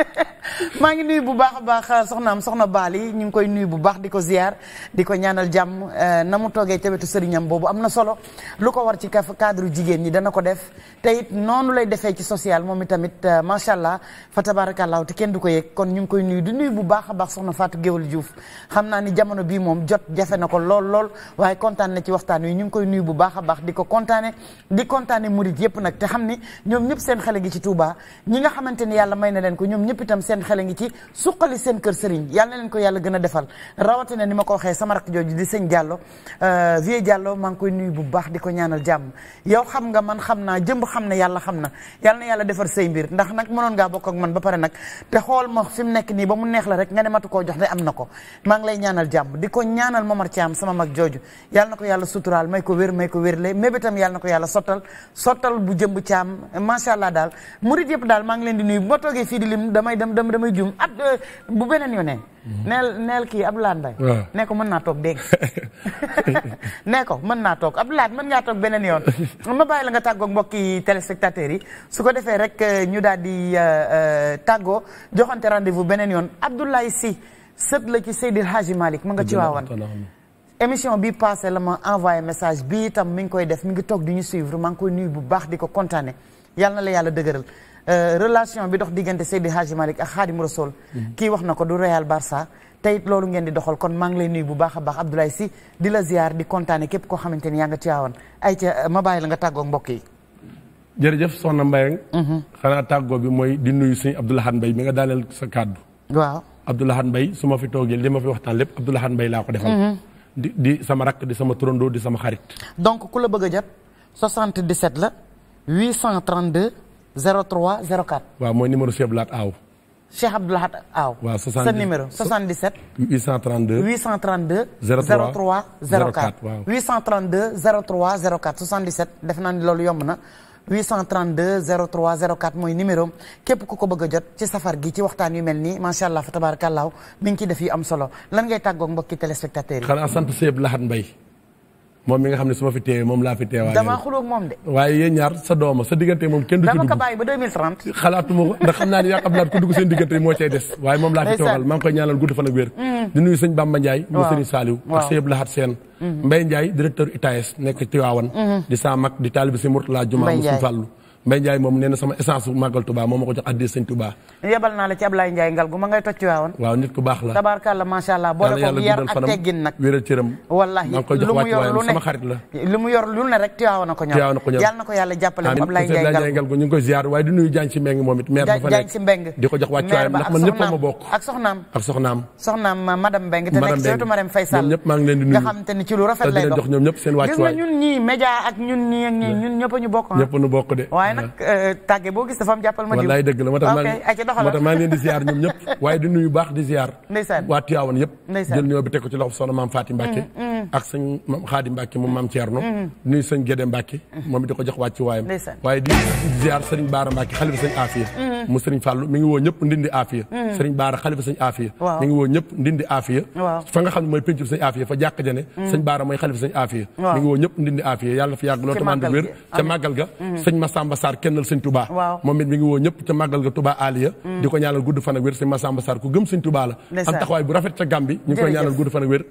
maa ngi nuyu bu baax a baax soxnaam euh, soxna baal yi ñu ngi koy nuyu bu baax di ko ziar di ko ñaanal jàmm euh, na mu toogee ca wetu sëriñam boobu am na solo lu ko war ci cadre jigéen ñi dana ko def te noonu lay defee ci social moom itamit euh, macha allah fa tabaarakallaahu te kenn du ko yëg kon ñu ngi koy nuyu di nuyu bu baax a baax soxna Fatou Géwal Diouf xam naa ni jamono bii moom jot jafe na ko lool lool waaye kontaan na ci waxtaan wi ñu ngi koy nuyu bu baax a baax di ko kontaane di kontaane murit yëpp nag te xam ni ñoom ñëpp seen xale gi ci Touba ñi nga xamante ni yàlla may na leen ko ñoom ñëpp itam seen xel ngi ci suqali seen kër sëriñ yàlla leen ko yàlla gën a defal rawatina ni ma ko waxee sama rakk jooju di sëñ Diallo euh, vieux Diallo maa ngi koy nuyu bu baax di ko ñaanal jàmm yow xam nga man xam naa jëmb xam na yàlla xam na yàlla yàlla defar say mbir ndax nag mënoon ngaa bokk ak man ba pare nag te xool ma fi mu nekk nii ba mu neex la rek nga ne matu koo jox de am na ko maa ngi lay ñaanal jàmm di ko ñaanal Momar Thiam sama mag jooju yàlla ko yàlla suturaal may ko wér may ko wér le mébitam yàlla na ko yàlla sottal sottal bu jëmb Thiam macha allah daal murid yëpp daal maa ngi leen di nuyu bu ma toogee fii di lim damay dem damay jum at euh, bu beneen yoonee. Mhm. neel neel kii ab Mbaye. waaw nee ko mën naa toog dégg nee ko mën naa toog ab Abdoulaye mën ngaa toog beneen yoon. ma bàyyi la nga tàggoog mbokki téléspectateurs yi su ko defee rek euh, ñu daal di euh, tàggoo joxante rendez-vous beneen yoon Abdoulaye si sët la ci Seydil xaaji malik ma nga ci waawan émission bi passé la ma envoyé message bi itam mu ngi koy def mi ngi toog di ñu suivre maa ngi koy nuyu bu baax di ko kontaane yàlla la yàlla dëgëral Euh, relation bi dox diggante Seydi Hadji Malick ak Khadim Rassoul mhm. kii wax na ko du Real Barça te it loolu ngeen di doxal kon maa lay nuyu bu baax a baax Abdoulaye Sy di la ziar di kontaane képp koo xamante ni yaa nga ciyaawoon ay ca euh, ma la nga tàggoog mbokk yi jërëjëf soxna Mbayang mhm. xanaa tàggoo bi mooy di nuyu sëñ Abdoulahan Mbaye mi nga daaneel sa kàddu waaw Abdoulahan Mbaye su ma fi toogee li ma fi waxtaan lépp Abdoulahan Mbaye laa ko defal mhm. di di sama rakk di sama turandoo di sama xarit donc la bëgg a jot 77 03 04. waaw mooy numéro Cheikh Abdoulahat Aw. Cheikh Abdoulahat Aw. waaw 77 sa numéro 77. 832 832. 03 04 waaw 832 03 04 77 def na ni loolu yomb na. 832 03 04 mooy numéro képp ku ko bëgg a jot ci safar gi ci waxtaan yu mel nii macha allah fa tabaarakallaahu mi ngi ciy def yu am solo lan ngay tàggoog mbokki téléspectateurs yi. xanaa sant Sèye Lahad Mbaye moom mi nga xam ne su ma fi moom laa fi teewaay. damaa xulóog moom de. waaye yéen ñaar sa dooma sa diggante moom kenn du ci dugg. dama ko ndax xam naa ne yaakaar naa ku dugg seen diggante moo cay des. waaye moom laa fi teewal maa ngi koy ñaanal gudd fan ak wér. Mm. di nuyu sëñ Bamba Ndiaye. waaw waaw mu sëñ Saliou ak sëñ Abdou Lahad Sène. Mm-hmm. Mbaye Ndiaye nekk Tiwaawan. Mm-hmm. di saa mag di taalibe si Mourtala Juma Moussa Fallou. Mbaye Ndiaye moom nee na sama essence bu màggal Touba moo ma ko jox addee sëñ Touba yebal naa la ci Ablaye Ndiaye ngal gu ma ngay toj ci waawoon waaw nit ku baax la tabaarkàlla macha allah boo def ko yar ak teggin nag wéral cëram wallahi lu mu yor lu ne sama xarit la lu mu yor lu ne rek Tiwaawan na ko ñor Tiwaawan na ko ñor yàlla na ko yàlla jàppale Ablaye Ndiaye ngal gu ñu ngi koy ziar waaye di nuyu jaañ ci mbeng moom it maire ba fa nekk ci mbeng di ko jox wàccuwaayam ndax man ñëpp ma bokk ak soxnaam ak soxnaam soxnaam madame Mbeng te nekk surtout madame Faye Sall ñoom ñëpp maa ngi leen di nuyu nga xam te ni ci lu rafet lay dox ñoom ñëpp seen wàccuwaay gis nga ñun ñii média ak ñun ñii ñun ñëpp ñu bokk ah. ñëpp ñu bokk de waaye nag euh, tàgge boo gis dafa am jàppal ma diw wallaay dëgg la moo tax maa moo tax maa ngi leen di ziar ñoom ñëpp waaye di nuyu baax di ziar ndeysaan waa Tiwaawan yëpp jël nuyoo bi teg ko ci loxo soxna maam Faati Mbàkke mm, mm. ak sëñ maam Xaadi Mbàkke moom maam Ceerno mm. nuyu sëñ Gédé Mbàkke moom it di ko jox Baara Mbàkke xalifa sëñ Aafiya mu sëriñ Fàllu mi ngi woo ñëpp ndindi Aafiya fa nga xam ne mooy péncu sëñ Aafiya fa jàkk jane Baara mooy xalifa sëñ Aafiya mi ngi woo ñëpp ndindi Aafiya yàlla fi yàgg loolu tamit wér ca màggal ga sëñ Masamba Sarr kennal sëñ Touba moom it mi ngi woo ñëpp ca màggal ga Touba Aliya mm. di ko ñaanal gudd fan ak wér sëñ Massamba Sarr ku gëm sëñ Touba la am taxawaay bu rafet ca Gàmbi ñu ngi koy ñaanal gudd fan ak wér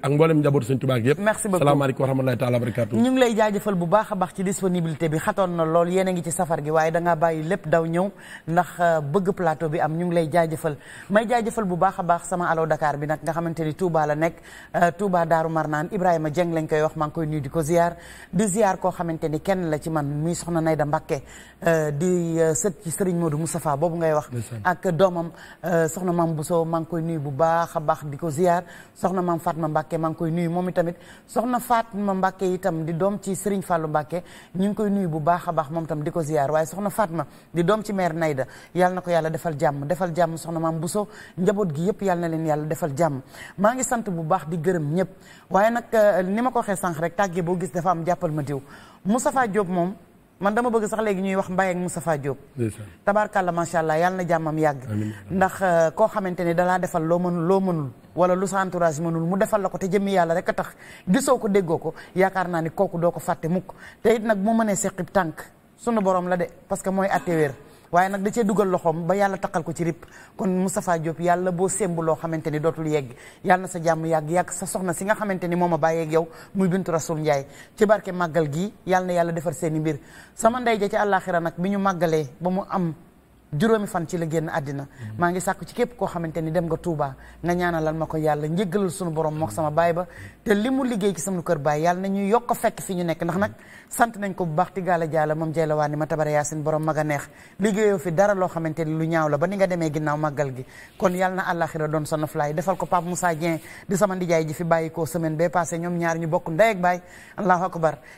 bu baax a baax ci disponibilité bi na lool yéen a ngi ci safar waaye da bàyyi lépp daw ñëw ndax euh, bëgg plateau bi am ñu ngi lay jaajëfal may jaajëfal bu baax a baax sama alaw Dakar bi nag nga xamante ni Touba la nekk euh, Touba Daaru Marnaan Ibrahima Dieng lañ koy wax maa koy nuyu di ko ziar di ziar koo xamante ni kenn la ci man muy soxna Nayda Mbakke Euh, di euh, sët ci Serigne Modou Moustapha boobu ngay wax. ak doomam euh, soxna maam Bousso maa ngi koy nuyu bu baax a baax di ko ziar soxna maam Fatma Mbacke maa ngi koy nuyu moom itamit soxna faat Fatma yi tam di doom ci Serigne fàllu Mbacke ñu ngi koy nuyu bu baax a baax moom itam di ko ziar waaye soxna faat Fatma di doom ci mère Nayda yàlla na ko yàlla defal jàmm defal jàmm soxna maam bu Bousso njaboot gi yëpp yàlla na leen yàlla defal jàmm maa ngi sant bu baax di gërëm ñëpp waaye nag ni ma ko waxee sànq rek tàggee boo gis dafa am jàppal ma man dama bëgg sax léegi ñuy wax Mbaye ak Moustapha Diop tabaarkàlla macha allah yàlla na jàmmam yàgg ndax euh, koo xamante ne dalaa defal loo mënul loo mënul wala lu sa entourage mënul mu defal la ko te jëmmi yàlla rek a tax gisoo ko déggoo ko yaakaar naa ni kooku doo ko fàtte mukk te it nag mu mënee seqib tànk sunu borom la de parce que mooy atte wér waaye nag da cee dugal loxoom ba yàlla taqal ko ci rip kon Moustapha Diop yàlla boo sémb loo xamante ni dootul yegg yàlla sa jàmm yàgg yàgg sa soxna si nga xamante ni moom a bàyyeeg yow muy bintu Rasul Ndiaye ci barke màggal gi yàlla yàlla defar seen i mbir sama ndey ja ci àllaaxira nag bi ñu màggalee ba mu am juróomi fan ci la génn àddina mm-hmm. maa ngi sàkku ci képp koo xamante ni dem nga Touba nga ñaanalal ma ko yàlla njëggalal sunu borom mook sama baay ba te li mu liggéey ci sama kër baay yàlla na ñuy yokk fekk fi ñu nekk ndax nag sant nañ ko bu baax ti gaala jaala moom jay la waa ni ma tabara yaasin borom mag a neex liggéeyoo fi dara loo xamante ni lu ñaaw la ba ni nga demee ginnaaw màggal gi kon yàlla na àllaxira doon sa noflaay defal ko Pape Moussa Dieng di sama ndijaay ji fi bàyyi koo semaine bee passé ñoom ñaar ñu bokk ndey ak baay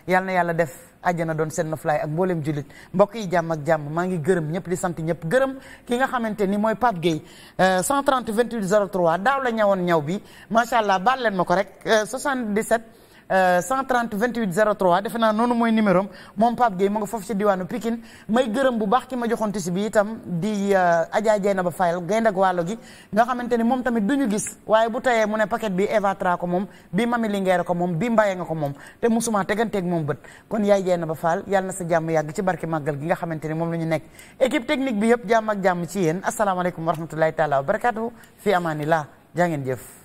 yàlla def àjjana doon seen noflaay ak mboolem jullit mbokk yi jàmm ak jàmm maa ngi gërëm ñëpp di sant ñëpp gërëm ki nga xamante ni mooy Pape Gueye 130 28 03 daaw la ñawoon ñaw bi macha allah baal leen ma ko rek 77. Euh, 130 28 03 defe naa noonu mooy numéro moom Pape Gueye mu nga foofu ci diwaanu Pikine may gërëm bu baax ki ma joxoon tisi bi itam di euh, Adja Dieynaba Fall gaynde ak wàllo gi nga xamante ni moom tamit du gis waaye bu tayee mu ne paquet bi Eva ko moom bi Mami ko moom bi mbayee nga ko moom te musuma teganteeg moom bët kon yaay Dieynaba Fall yàlla na sa jàmm yàgg ci barke màggal gi nga xamante ni moom la ñu nekk équipe technique bi yëpp jàmm ak jàmm ci yéen asalaamaaleykum wa rahmatullahi taala wa barakatuhu fi amaanillah jaa ngeen jëf